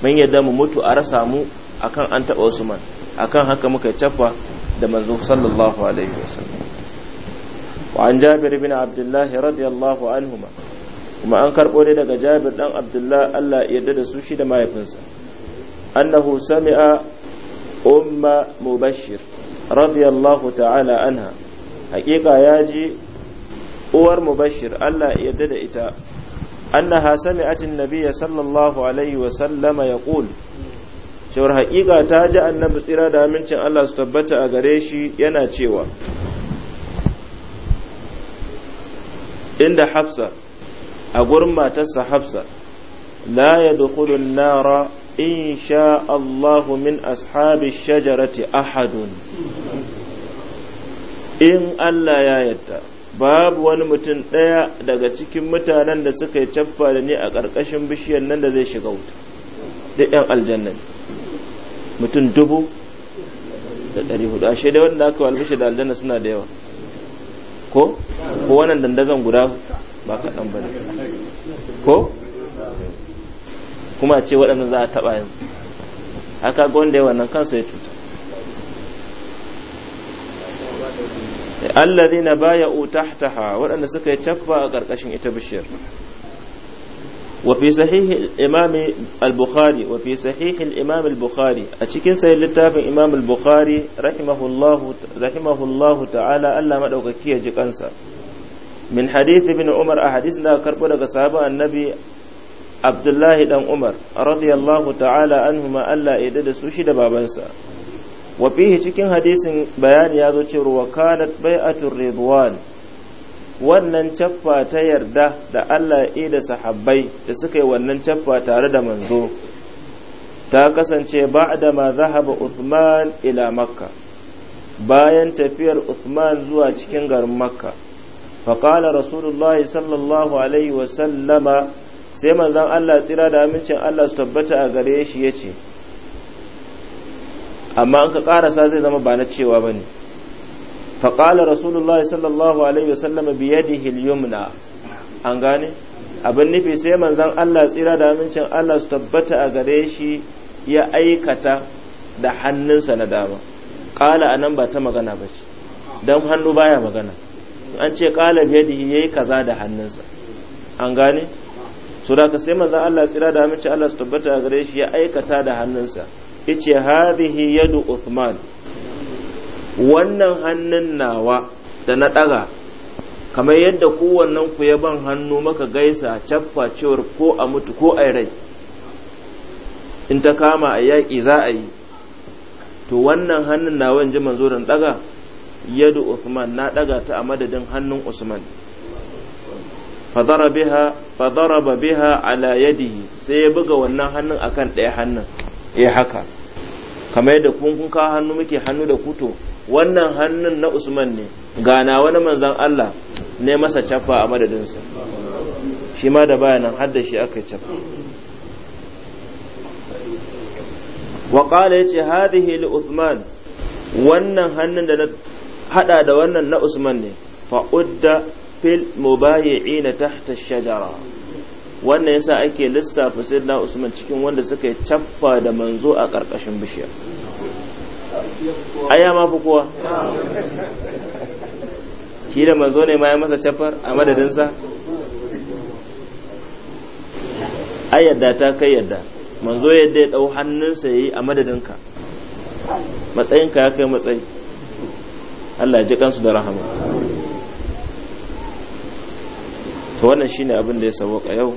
S1: mun yadda mu mutu a rasa mu akan an taɓa usman akan haka muka caffa da manzo sallallahu alaihi wasallam wa an jabir bin abdullah radiyallahu anhuma kuma an karɓo ne daga jabir dan abdullah Allah ya yarda da su shi da mahaifinsa annahu sami'a umma mubashir radiyallahu ta'ala anha haƙiƙa ya ji uwar mubashir Allah ya yarda da ita annaha sami'atin nabiyya sallallahu alaihi wa sallama yaqul cewar haƙiƙa ta ji annabi tsira da amincin Allah su tabbata a gare shi yana cewa inda hafsa a gurin matarsa hafsa la ya dukudun nara in sha Allahu min ashabi shajarati ahadun in Allah ya yadda babu wani mutum ɗaya daga cikin mutanen da suka yi caffa da ni a ƙarƙashin bishiyar nan da zai shiga wuta da 'yan aljanna mutum dubu da ɗari hudu ashe da wanda aka walbishi da aljanna suna da yawa ko ko wannan dandazon guda ba kaɗan ba ne ko kuma ce waɗannan za a taɓa yin haka ga wanda yawa nan kansa ya cuta allazina baya'u tahtaha waɗanda suka yi caffa a ƙarƙashin ita bishiyar وفي صحيح الإمام البخاري وفي صحيح الإمام البخاري أتشكين سيد لتاف إمام البخاري رحمه الله رحمه الله تعالى ألا مدوك كي جكنسا من حديث ابن عمر أحاديثنا كربلة صحابة النبي عبد الله بن عمر رضي الله تعالى عنهما ألا إدد سوشي بابنسا وفيه تشكين حديث بيان يازو وكانت بيعة الرضوان wannan caffa ta yarda da Allah ya da sahabbai da suka yi wannan caffa tare da manzo ta kasance da ma zahaba Uthman ila Makka bayan tafiyar Uthman zuwa cikin garin Makka faƙala Rasulullahi sallallahu alaihi wasallama sai manzon Allah tsira da amincin Allah su tabbata a gare shi ya ce amma an ka ƙarasa zai zama ba na cewa ba faƙala rasulullahi sallallahu alaihi wasallam biyadihi al-yumna an gane abin nufi sai manzon Allah tsira da amincin Allah su tabbata a gare shi ya aikata da hannunsa na dama ƙala anan ba ta magana ba ce don hannu baya magana an ce ƙala biyadihi yi kaza da hannunsa an gane so da ka sai manzon Allah tsira da amincin Allah su tabbata a gare shi ya aikata da hannunsa ce hadhihi yadu Uthman wannan hannun nawa da na ɗaga kamar yadda kowannen ku ya ban hannu maka gaisa caffa cewar ko a mutu ko a rai in ta kama a yaƙi za a yi to wannan hannun nawa in ji manzo da ɗaga yadda Usman na ɗaga ta a madadin hannun Usman fadara biha fadaraba biha ala yadihi sai ya buga wannan hannun akan ɗaya hannun ya eh haka kamar yadda kun kun kawo hannu muke hannu da kuto wannan hannun na usman ne gana wani manzan Allah ne masa cafa a madadinsa shi ma da bayanan hadda shi aka cafa waƙala ya ce hadihi li usman wannan hannun da na hada da wannan na usman ne fa'udda fil na tahta shajara wannan yasa ake lissafa na usman cikin wanda suka yi cafa da manzo a ƙarƙashin bishiya
S2: aya ma fi kowa
S1: shi da manzo ne ma ya masa cafar a madadinsa a yadda ta kai yadda manzo yadda ya ɗau hannunsa ya yi a madadinka matsayinka ya kai matsayi Allah ji kansu da rahama to wannan shine abin da ya sauka yau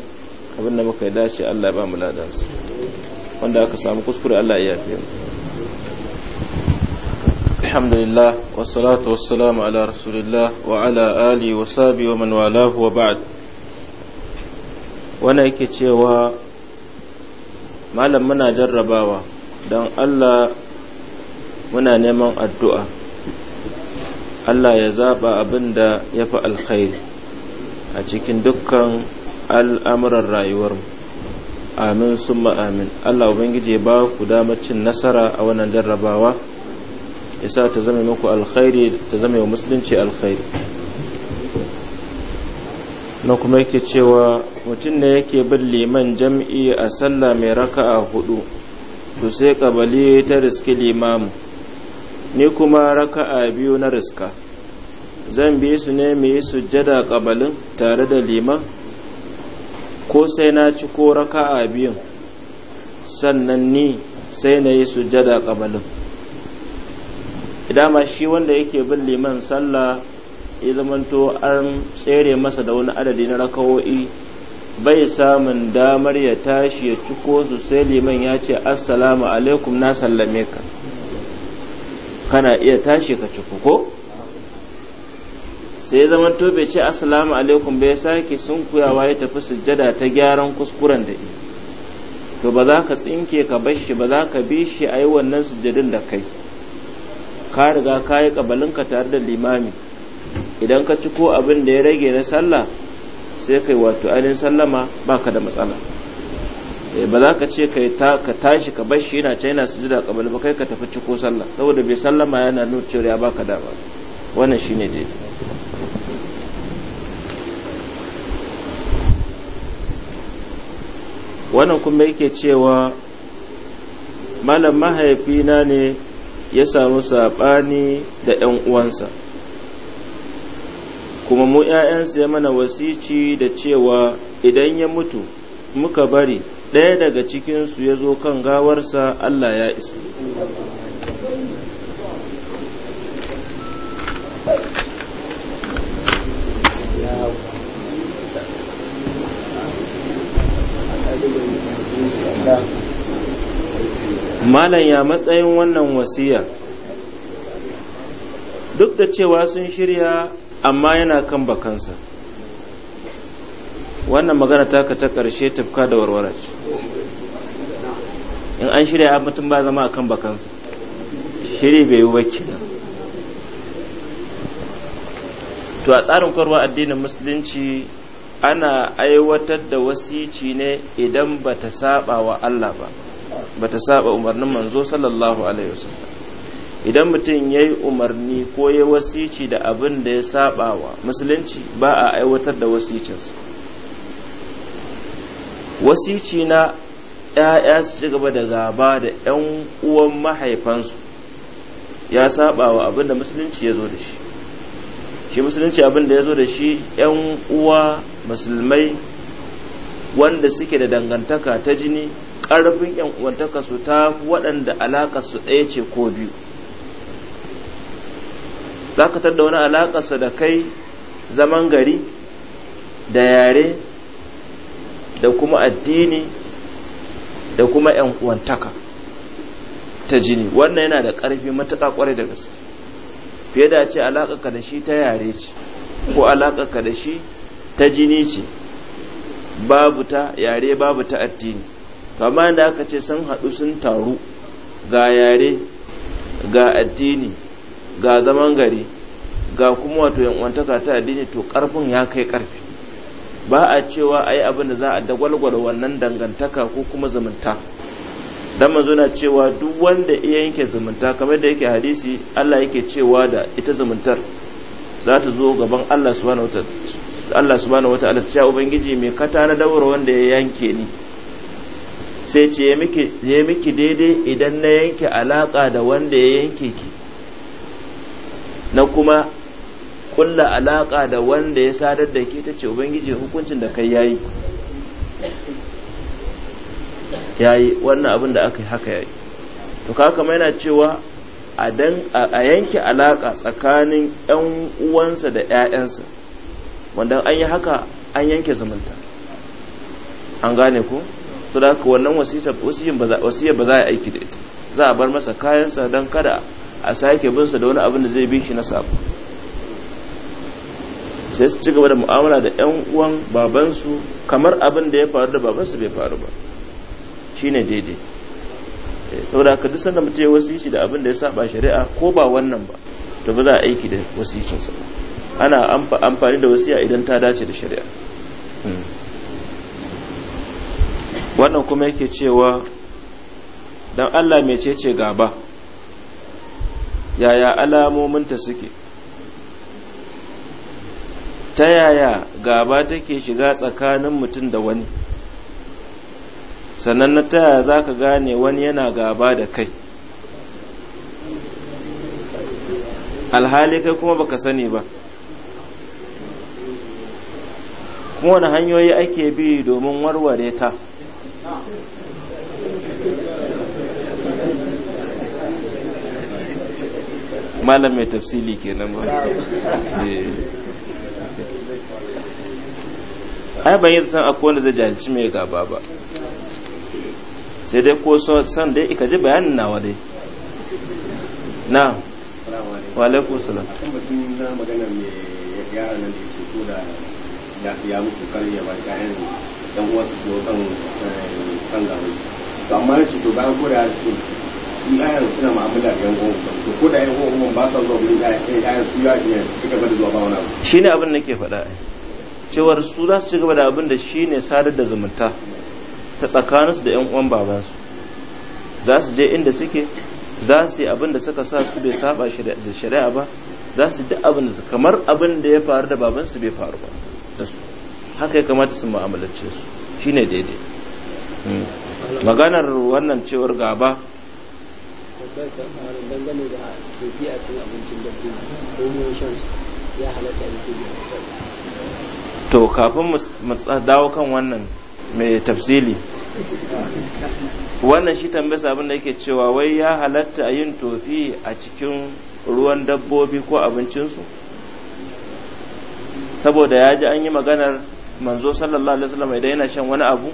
S1: abin da muka yi dace Allah ba mu ladansu wanda aka samu kuskure Allah ya yafe mu الحمد لله والصلاة والسلام على رسول yake cewa malam muna jarrabawa don Allah muna neman addu'a Allah ya zaɓa abin da ya fi alkhairi a cikin dukkan al'amuran rayuwarmu amin summa Allah Ubangiji ya ba ku damar cin nasara a wannan jarrabawa yasa ta zama muku alkhairi ta zama wa musulunci alkhairi na kuma yake cewa mutum ne yake bin liman jam'i a sallah mai raka'a hudu to sai kabali ta riski limamu ni kuma raka'a biyu na riska zan bi su ne mu yi sujjada kabalin tare da liman ko sai na ci ko raka'a biyun sannan ni sai na yi sujjada kabalin dama shi wanda yake bin liman sallah ya zamanto an tsere masa da wani adadi na rakawo'i bai samun damar ya tashi ya ciko su sai liman ya ce assalamu alaikum na sallame ka kana iya tashi ka ciko ko sai zamanto bai ce assalamu alaikum bai sake sun kuyawa ya tafi sujjada ta gyaran kuskuren da to ba za ka tsinke ka bashi ba za ka bi shi a yi wannan sujjadin da kai ka riga ka yi ka tare da limami idan ka ci ko abin da ya rage na sallah sai kai wato ainihin sallama baka da matsala eh, ba za ka ce ka tashi ka bashi yana can yana sujuda a ba kai ka tafi ko sallah saboda bai sallama yana nuna cewa ya baka da ba wannan shine dai wannan kuma yake cewa malam mahaifina ne ya samu saɓani da ‘yan uwansa kuma mu ‘ya'yansa ya mana wasici da cewa idan ya mutu muka bari ɗaya daga cikinsu ya zo kan gawarsa Allah ya isa Yeah. malam ya matsayin wannan wasiya duk da cewa sun shirya amma yana kan bakansa wannan magana taka ta ƙarshe tafka da warwara ce in an shirya mutum ba zama a kan bakansa
S2: shiri bai yi wakil
S1: to a tsarin kwarwa addinin musulunci ana aiwatar da wasici ne idan ba ta saba wa Allah ba bata saba umarnin manzo sallallahu alaihi wasallam idan mutum ya yi umarni ko ya wasici da abin da ya saba wa musulunci ba a aiwatar da wasicinsa wasici na ‘ya'ya su ci gaba da gaba da ‘yan uwan mahaifansu ya saba wa abin da musulunci ya zo da shi shi musulunci abin da ya zo da shi ‘yan uwa musulmai wanda suke da dangantaka ta jini ƙarfin yan uwantaka su ta waɗanda alaƙa su ɗaya ce ko biyu za ka wani alaƙarsa da kai zaman gari da yare da kuma addini da kuma yan uwantaka ta jini wannan yana da ƙarfi matuƙa ƙwarai da gaske fiye da ce alaƙarka da shi ta yare ce ko alaƙarka da shi ta jini ce babu ta yare babu ta addini kamar da aka ce sun haɗu sun taru ga yare ga addini ga zaman gari ga kuma wato yankwantaka ta addini to ƙarfin ya kai ƙarfi ba a cewa ai abin da za a dagwalgwala wannan dangantaka ko kuma zumunta dan manzo na cewa duk wanda iya yanke zumunta kamar da yake hadisi Allah yake cewa da ita zumuntar za ta zo gaban Allah subhanahu wataala Allah subhanahu wataala ta ubangiji mai kata na daura wanda ya yanke ni sai ce ya miki daidai idan na yanke alaƙa da wanda ya yanke ki na kuma kulla alaƙa da wanda ya sadar da ke ta ce ubangiji hukuncin da kai yayi yayi wannan abin da aka yi haka yayi to kaka mai yana cewa a yanke alaƙa tsakanin 'yan uwansa da 'ya'yansa wanda an yi haka an yanke zumunta an gane ku su da wannan wasiyar ba za a aiki da ita za a bar masa kayansa don kada a sake sa da wani abin da zai bi shi na sabo sai su ci gaba da mu'amala da 'yan uwan babansu kamar abin da ya faru da babansu bai faru ba shine daidai eh, saboda ka duk sanda mutum ya da abin da ya saba shari'a ko ba wannan ba to ba za a aiki da sa ana amfani da wasiya idan ta dace da shari'a hmm. wannan kuma yake cewa dan Allah mecece gaba yaya alamominta suke ta yaya gaba take shiga tsakanin mutum da wani sannan na ta yaya za ka gane wani yana gaba da kai alhali kai kuma baka sani ba kuma wani hanyoyi ake bi domin warware ta malam mai tafsili kenan ba eh. ai ban yi san akwai wanda zai jahilci mai gaba ba sai dai ko san dai ikaji bayanin nawa dai na
S2: wa na magana mai yara nan da yan uwa su na to
S1: faɗa cewar su za su ci gaba da abin da shi ne sadar da zumunta ta tsakaninsu da yan uwan babansu za su je inda suke za su yi abin da suka sa su bai saba da shari'a ba za su duk abin da kamar abin da ya faru da babansu bai faru ba da su haka ya kamata su mu'amalance su ne daidai hmm. maganar wannan cewar gaba to kafin mu dawo kan wannan mai tafsili wannan shi tambayar abin da yake cewa wai ya halatta a yin tofi a cikin ruwan dabbobi ko abincinsu saboda ya ji an yi maganar manzo sallallahu alaihi wasallam idan yana shan wani abu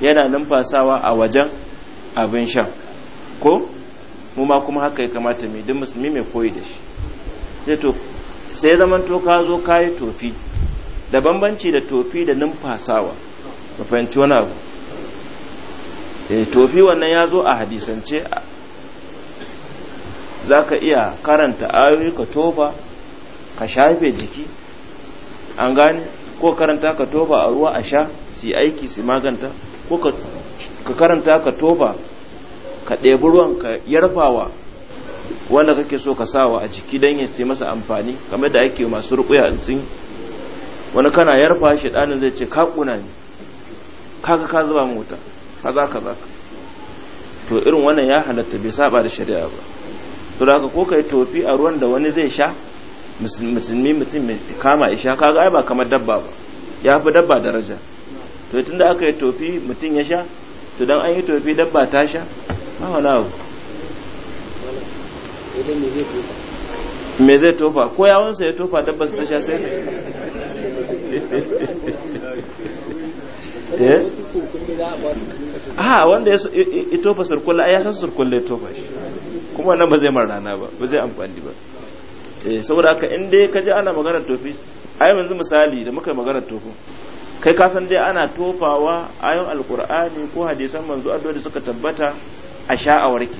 S1: yana numfasawa a wajen abin shan ko mu ma kuma haka ya kamata mu duk musulmi mai koyi da shi sai to sai zaman to ka zo ka yi tofi da bambanci da tofi da numfasawa ka fahimci wani abu eh tofi wannan ya zo a hadisance za ka iya karanta ayoyi ka tofa ka shafe jiki an gane ko karanta ka toba a ruwa a sha su aiki su maganta ko ka karanta ka toba ka ɗebi ruwan ka yarfawa wanda kake so ka sawa a jiki don ya ce masa amfani kamar da ake masu rukuya tsin wani kana yarfa shi ɗanin zai ce ka ƙuna ne kaga ka zuba mota za ka to irin wannan ya halatta bai saba da shari'a ba to da ko kai tofi a ruwan da wani zai sha musulmi mutum kama isha kaga ai ba kamar dabba ba ya fi dabba daraja to da aka yi tofi mutum ya sha to dan an yi tofi dabba ta sha ma wani abu me zai tofa ko yawansa ya tofa dabba su ta sha sai ha eh? ah, wanda ya tofa surkulle ya san surkulle tofa shi kuma nan ba zai rana ba ba zai amfani ba eh saboda haka in dai ka ji ana magana tofi ai yanzu misali da muka maganar tofi kai kasan dai ana tofawa ayon alkur'ani ko hadisan manzo addu'a da suka tabbata a sha'awarki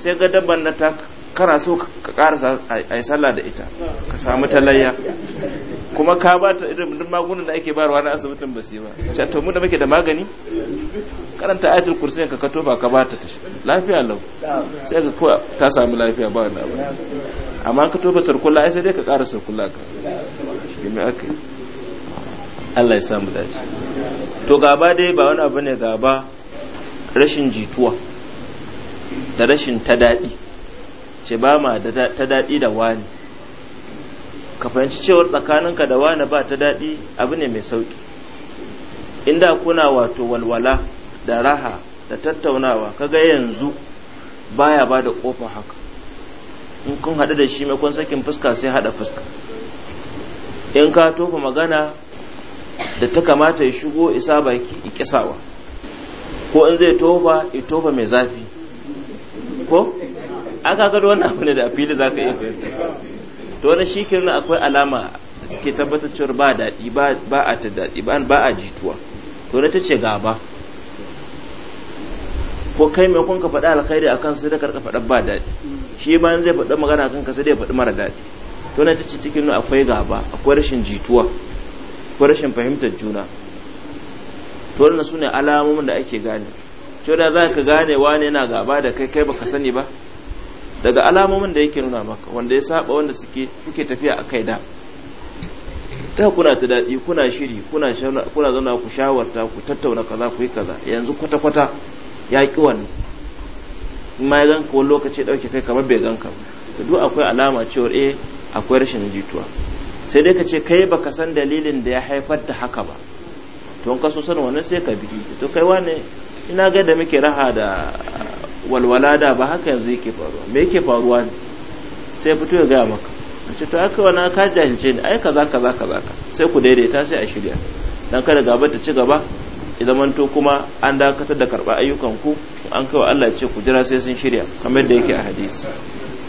S1: sai ga dabban na ta kana so ka karasa a yi sallah da ita ka samu talayya kuma ka ba ta irin duk magunan da ake bayarwa na asibitin ba su yi ba to mu da muke da magani karanta ayatul kursi ka ka tofa ka ba ta lafiya lau sai ka ta samu lafiya ba wani abu amma ka tofa sarkula ai sai dai ka ƙara sarkula ka me aka yi Allah ya samu dace to gaba dai ba wani abu ne gaba rashin jituwa da rashin ta daɗi ce ba ma ta daɗi da wani ka fahimci cewar tsakaninka da wani ba ta daɗi abu ne mai sauƙi inda kuna wato walwala da raha da tattaunawa kaga yanzu baya ba da ƙofa haka in kun haɗu da shi makon sakin fuska sai haɗa fuska in ka tofa magana da ta kamata ya shigo isa baki ikisawa ko in zai tofa ya tofa mai zafi ko aka gado wannan abu ne da fili za ka iya to wani shi akwai alama ke tabbatar cewa ba daɗi ba a ta daɗi ba a jituwa to na ta ce gaba ko kai mai kun ka faɗa alkhairi akan sai da karka faɗa ba daɗi shi ma zai faɗi magana kan kasa sai dai faɗi mara daɗi to na tace cikin akwai gaba akwai rashin jituwa akwai rashin fahimtar juna to wannan sune alamomin da ake gane to da zaka gane wani yana gaba da kai kai baka sani ba daga alamomin da yake nuna maka wanda ya saba wanda suke kuke tafiya a kai da ta kuna ta daɗi kuna shiri kuna kuna zauna ku shawarta ku tattauna kaza ku yi kaza yanzu kwata-kwata ya ƙi wannan in ma ya ganka wani lokaci dauke kai kamar bai ganka ba duk akwai alama cewa eh akwai rashin jituwa sai dai ka ce kai baka san dalilin da ya haifar da haka ba to in ka so sanin wannan sai ka bi to kai wane ina ga da muke raha da walwala da ba haka yanzu yake faruwa me yake faruwa ne sai fito ya gaya maka a ce to aka wani ka jahilce ne ai kaza kaza kaza sai ku daidaita sai a shirya dan kada gaba ta ci gaba zamanto kuma an dakatar da karɓa ayyukan ku an kai wa Allah ce ku jira sai sun shirya kamar da yake a hadisi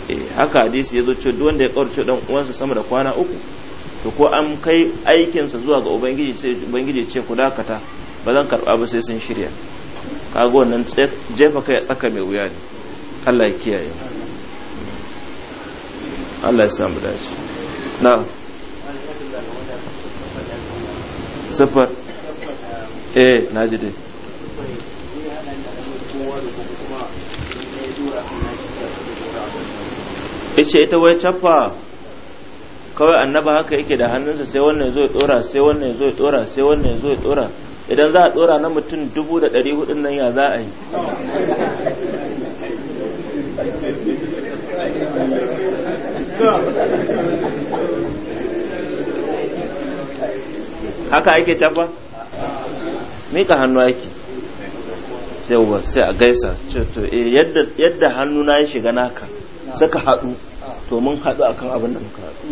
S1: eh, haka hadisi ya zo ce duk wanda ya kawarce dan uwansa sama da kwana uku to ko an kai aikinsa zuwa ga ubangiji sai ubangiji ce ku dakata ba zan karɓa ba sai sun shirya kaga wannan jefa kai tsaka mai wuya ne Allah ya kiyaye Allah ya samu dace na eh na ji dai ice ita wai caffa kawai annaba haka yake da hannunsa sai wannan zo ya dora sai wannan zo ya dora sai wannan zo ya dora idan za a dora na mutum dubu da ɗari hudun nan ya za a yi haka ake caffa mika hannu yake sai sai a gaisa to eh, yadda yadda hannu na ya shiga naka saka haɗu to mun haɗu akan abin da muka haɗu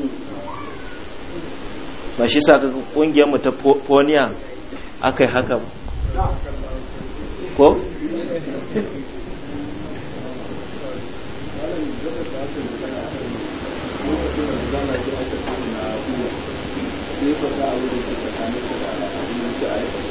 S1: ba shi sa kaga kungiyar mu ta ponia akai haka
S2: ko Thank you.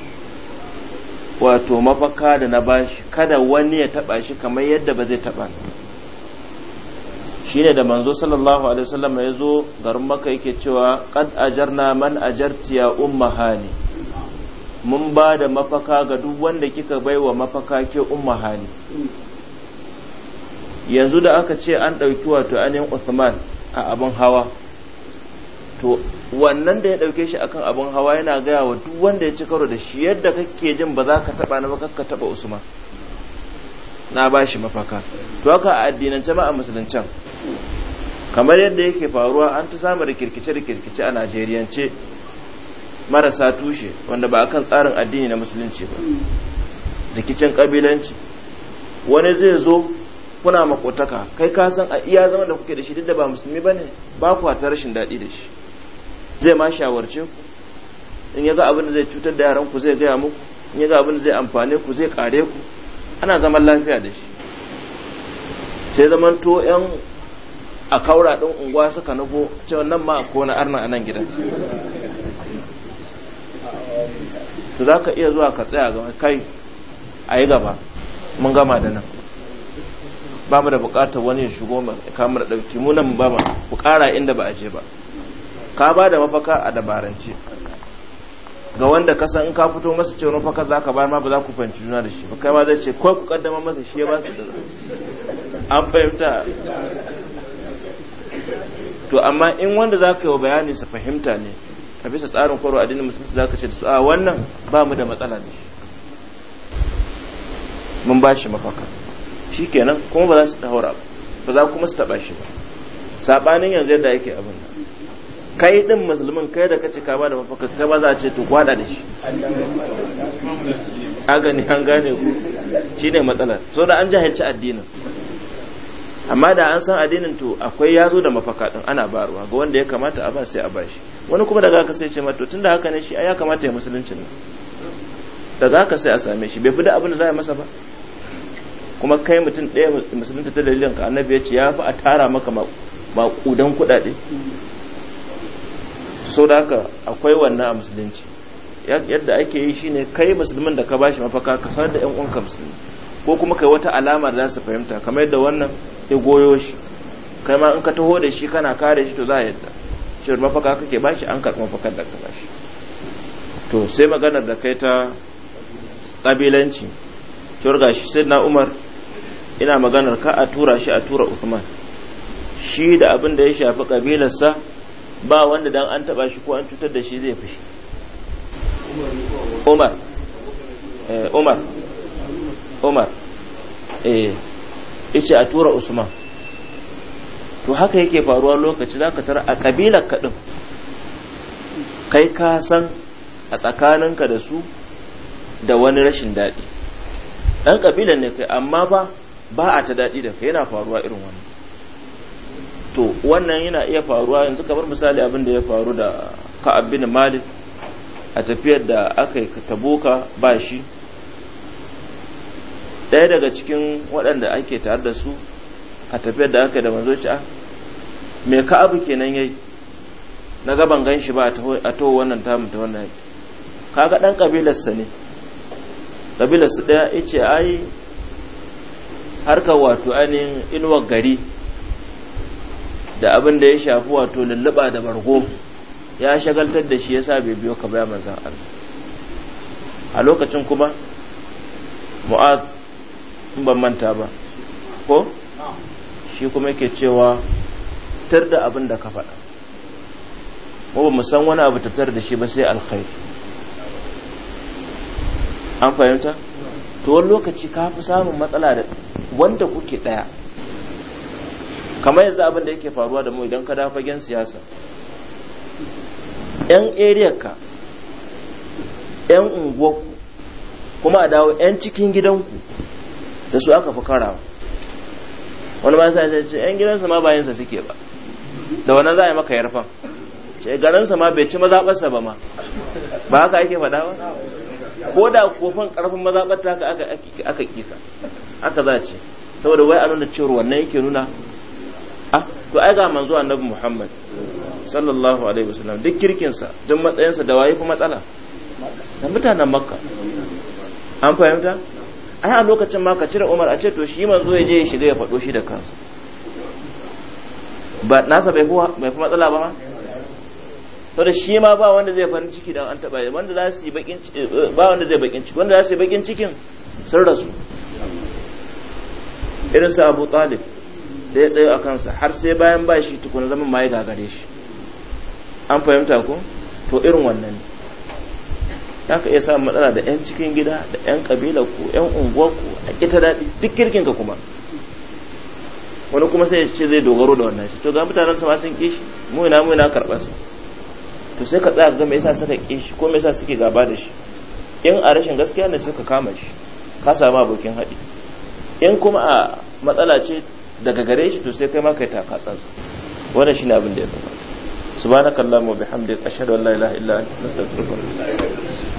S1: wato mafaka da na ba shi kada wani ya taba shi kamar yadda ba zai taba ne da manzo sallallahu alaihi wasallam ya zo garin maka yake cewa qad ajarna man ajarti ya umma mun ba da mafaka ga duk wanda kika baiwa mafaka ke umma yanzu da aka ce an ɗauki wato anin Uthman a abin hawa to wannan da ya dauke shi akan abin hawa yana gaya wa duk wanda ya ci karo da shi yadda kake jin ba za ka taɓa na ba ka taɓa usman na ba shi mafaka to haka a addinan jama'a a musuluncen kamar yadda yake faruwa an ta samu da kirkice da kirkice a najeriyance marasa tushe wanda ba akan tsarin addini na musulunci ba rikicin kabilanci wani zai zo kuna makotaka kai ka san a iya zama da kuke da shi duk da ba musulmi bane ba ku ta rashin daɗi da shi zai ma shawarce ku in ya ga abin zai cutar da yaran ku zai gaya muku in ya ga abin zai amfane ku zai kare ku ana zaman lafiya da shi sai zaman to yan a kaura ɗin unguwa suka nufo cewa nan ma ko na arna a nan gidan to za ka iya zuwa ka tsaya ga kai a yi gaba mun gama da nan ba mu da bukatar wani shigo kamar ɗauki mu nan ba mu ƙara inda ba a je ba ka ba da mafaka a dabarance ga wanda ka san in ka fito masa cewa mafaka za ka ba ma ba za ku fahimci juna da shi ba kai ma zai ce kai ku kaddama masa shi ya ba su da an fahimta to amma in wanda za ka yi wa bayani su fahimta ne a bisa tsarin koro addinin musulunci za ka ce da su a wannan ba mu da matsala da shi mun ba shi mafaka shi kenan kuma ba za su haura ba za kuma su taɓa shi ba saɓanin yanzu yadda yake abin nan kai din musulmin kai da kace ka da mafaka kai ba za a ce to gwada da shi a gani an gane ku shine matsalar so da an jahilci addinin amma da an san addinin to akwai yazo da mafaka din ana baruwa ga wanda ya kamata a ba sai a bashi wani kuma daga ka sai ce to tunda haka ne shi ya kamata ya ne nan za ka sai a same shi bai fi da abin da za a masa ba kuma kai mutum ɗaya musulunta ta dalilin ka annabi ya ce ya fi a tara maka maƙudan kuɗaɗe so da haka akwai wannan a musulunci yadda ake yi shine kai musulmin da ka bashi mafaka ka sanar da yan uwanka musulmi ko kuma kai wata alama da za su fahimta kamar yadda wannan ya goyo shi kai ma in ka taho da shi kana kare shi to za a yadda shi mafaka kake bashi an karɓi mafakar da ka bashi to sai maganar da kai ta kabilanci ga gashi sai na umar ina maganar ka a tura shi a tura usman shi da abin da ya shafi kabilarsa ba wanda dan an taba shi ko an cutar da shi zai fi umar eh, umar umar eh yace a tura usman to haka yake faruwa lokaci zaka tara a kabilar ka kai ka san a tsakaninka da su da wani rashin daɗi ɗan kabilar ne kai amma ba ba a ta daɗi da kai yana faruwa irin wannan to wannan yana iya faruwa yanzu kamar misali abin da ya faru da ka'ab bin malik a tafiyar da aka yi taboka ba shi ɗaya daga cikin waɗanda ake tare da su a tafiyar da aka yi da manzo ci ah, me ka'abu kenan yayi na gaban gan shi ba a taho wannan tamu ta wannan yaki kaga ɗan ƙabilarsa ne ƙabilarsa ɗaya ya ce ai harkar wato ainihin inuwar gari da abin da ya shafi wato lulluba da bargo ya shagaltar da shi yasa bai biyo ka baya manzan Allah a lokacin kuma mu'az ban manta ba ko shi kuma yake cewa tar da abin da ka faɗa mu ba mu san wani abu tattar da shi ba sai alkhair an fahimta to wani lokaci ka fi samun matsala da wanda kuke ɗaya kamar yanzu abin da yake faruwa da mu idan ka dafa gen siyasa yan ka yan unguwarku kuma a dawo yan cikin gidanku da su aka fi karawa wani ma sai ce yan gidansa ma bayansa suke ba da wannan za a yi maka yarfan ce garinsa ma bai ci mazaɓarsa ba ma ba haka ake faɗa ba ko da kofan ƙarfin mazaɓar ta aka aka kisa aka za ce saboda wai a nuna cewa wannan yake nuna ah to ai ga manzo annabi Muhammad sallallahu alaihi wasallam duk kirkin sa duk matsayin sa da waye fa matsala da mutanen makka an fahimta ai a lokacin ma ka cire Umar a ce to shi manzo ya je ya shiga ya faɗo shi da kansa ba nasa bai kuwa fi matsala ba ma to da shi ma ba wanda zai farin ciki dan an taba ya wanda za su yi bakin eh, eh, ba wanda zai bakin ciki wanda za su yi bakin cikin sun rasu irin su Abu Talib da tsayo a kansa har sai bayan ba shi tukuna zaman ma ya gagare shi an fahimta ko to irin wannan ya ka iya samun matsala da 'yan cikin gida da 'yan kabila ku 'yan ku a ƙita daɗi duk kirkin ka kuma wani kuma sai ya ce zai dogaro da wannan shi to ga mutanen su ma sun ƙi shi mu ina mu ina karɓar su to sai ka tsaya ga me yasa suka ƙi shi ko me yasa suke gaba da shi in a rashin gaskiya ne suka kama shi ka samu abokin haɗi in kuma a matsala ce daga gare shi to sai kai ma kai taka su wannan shine abin da ya kamata subhanakallahumma wa bihamdika ashhadu an la ilaha illa anta astaghfiruka wa atubu
S2: ilaik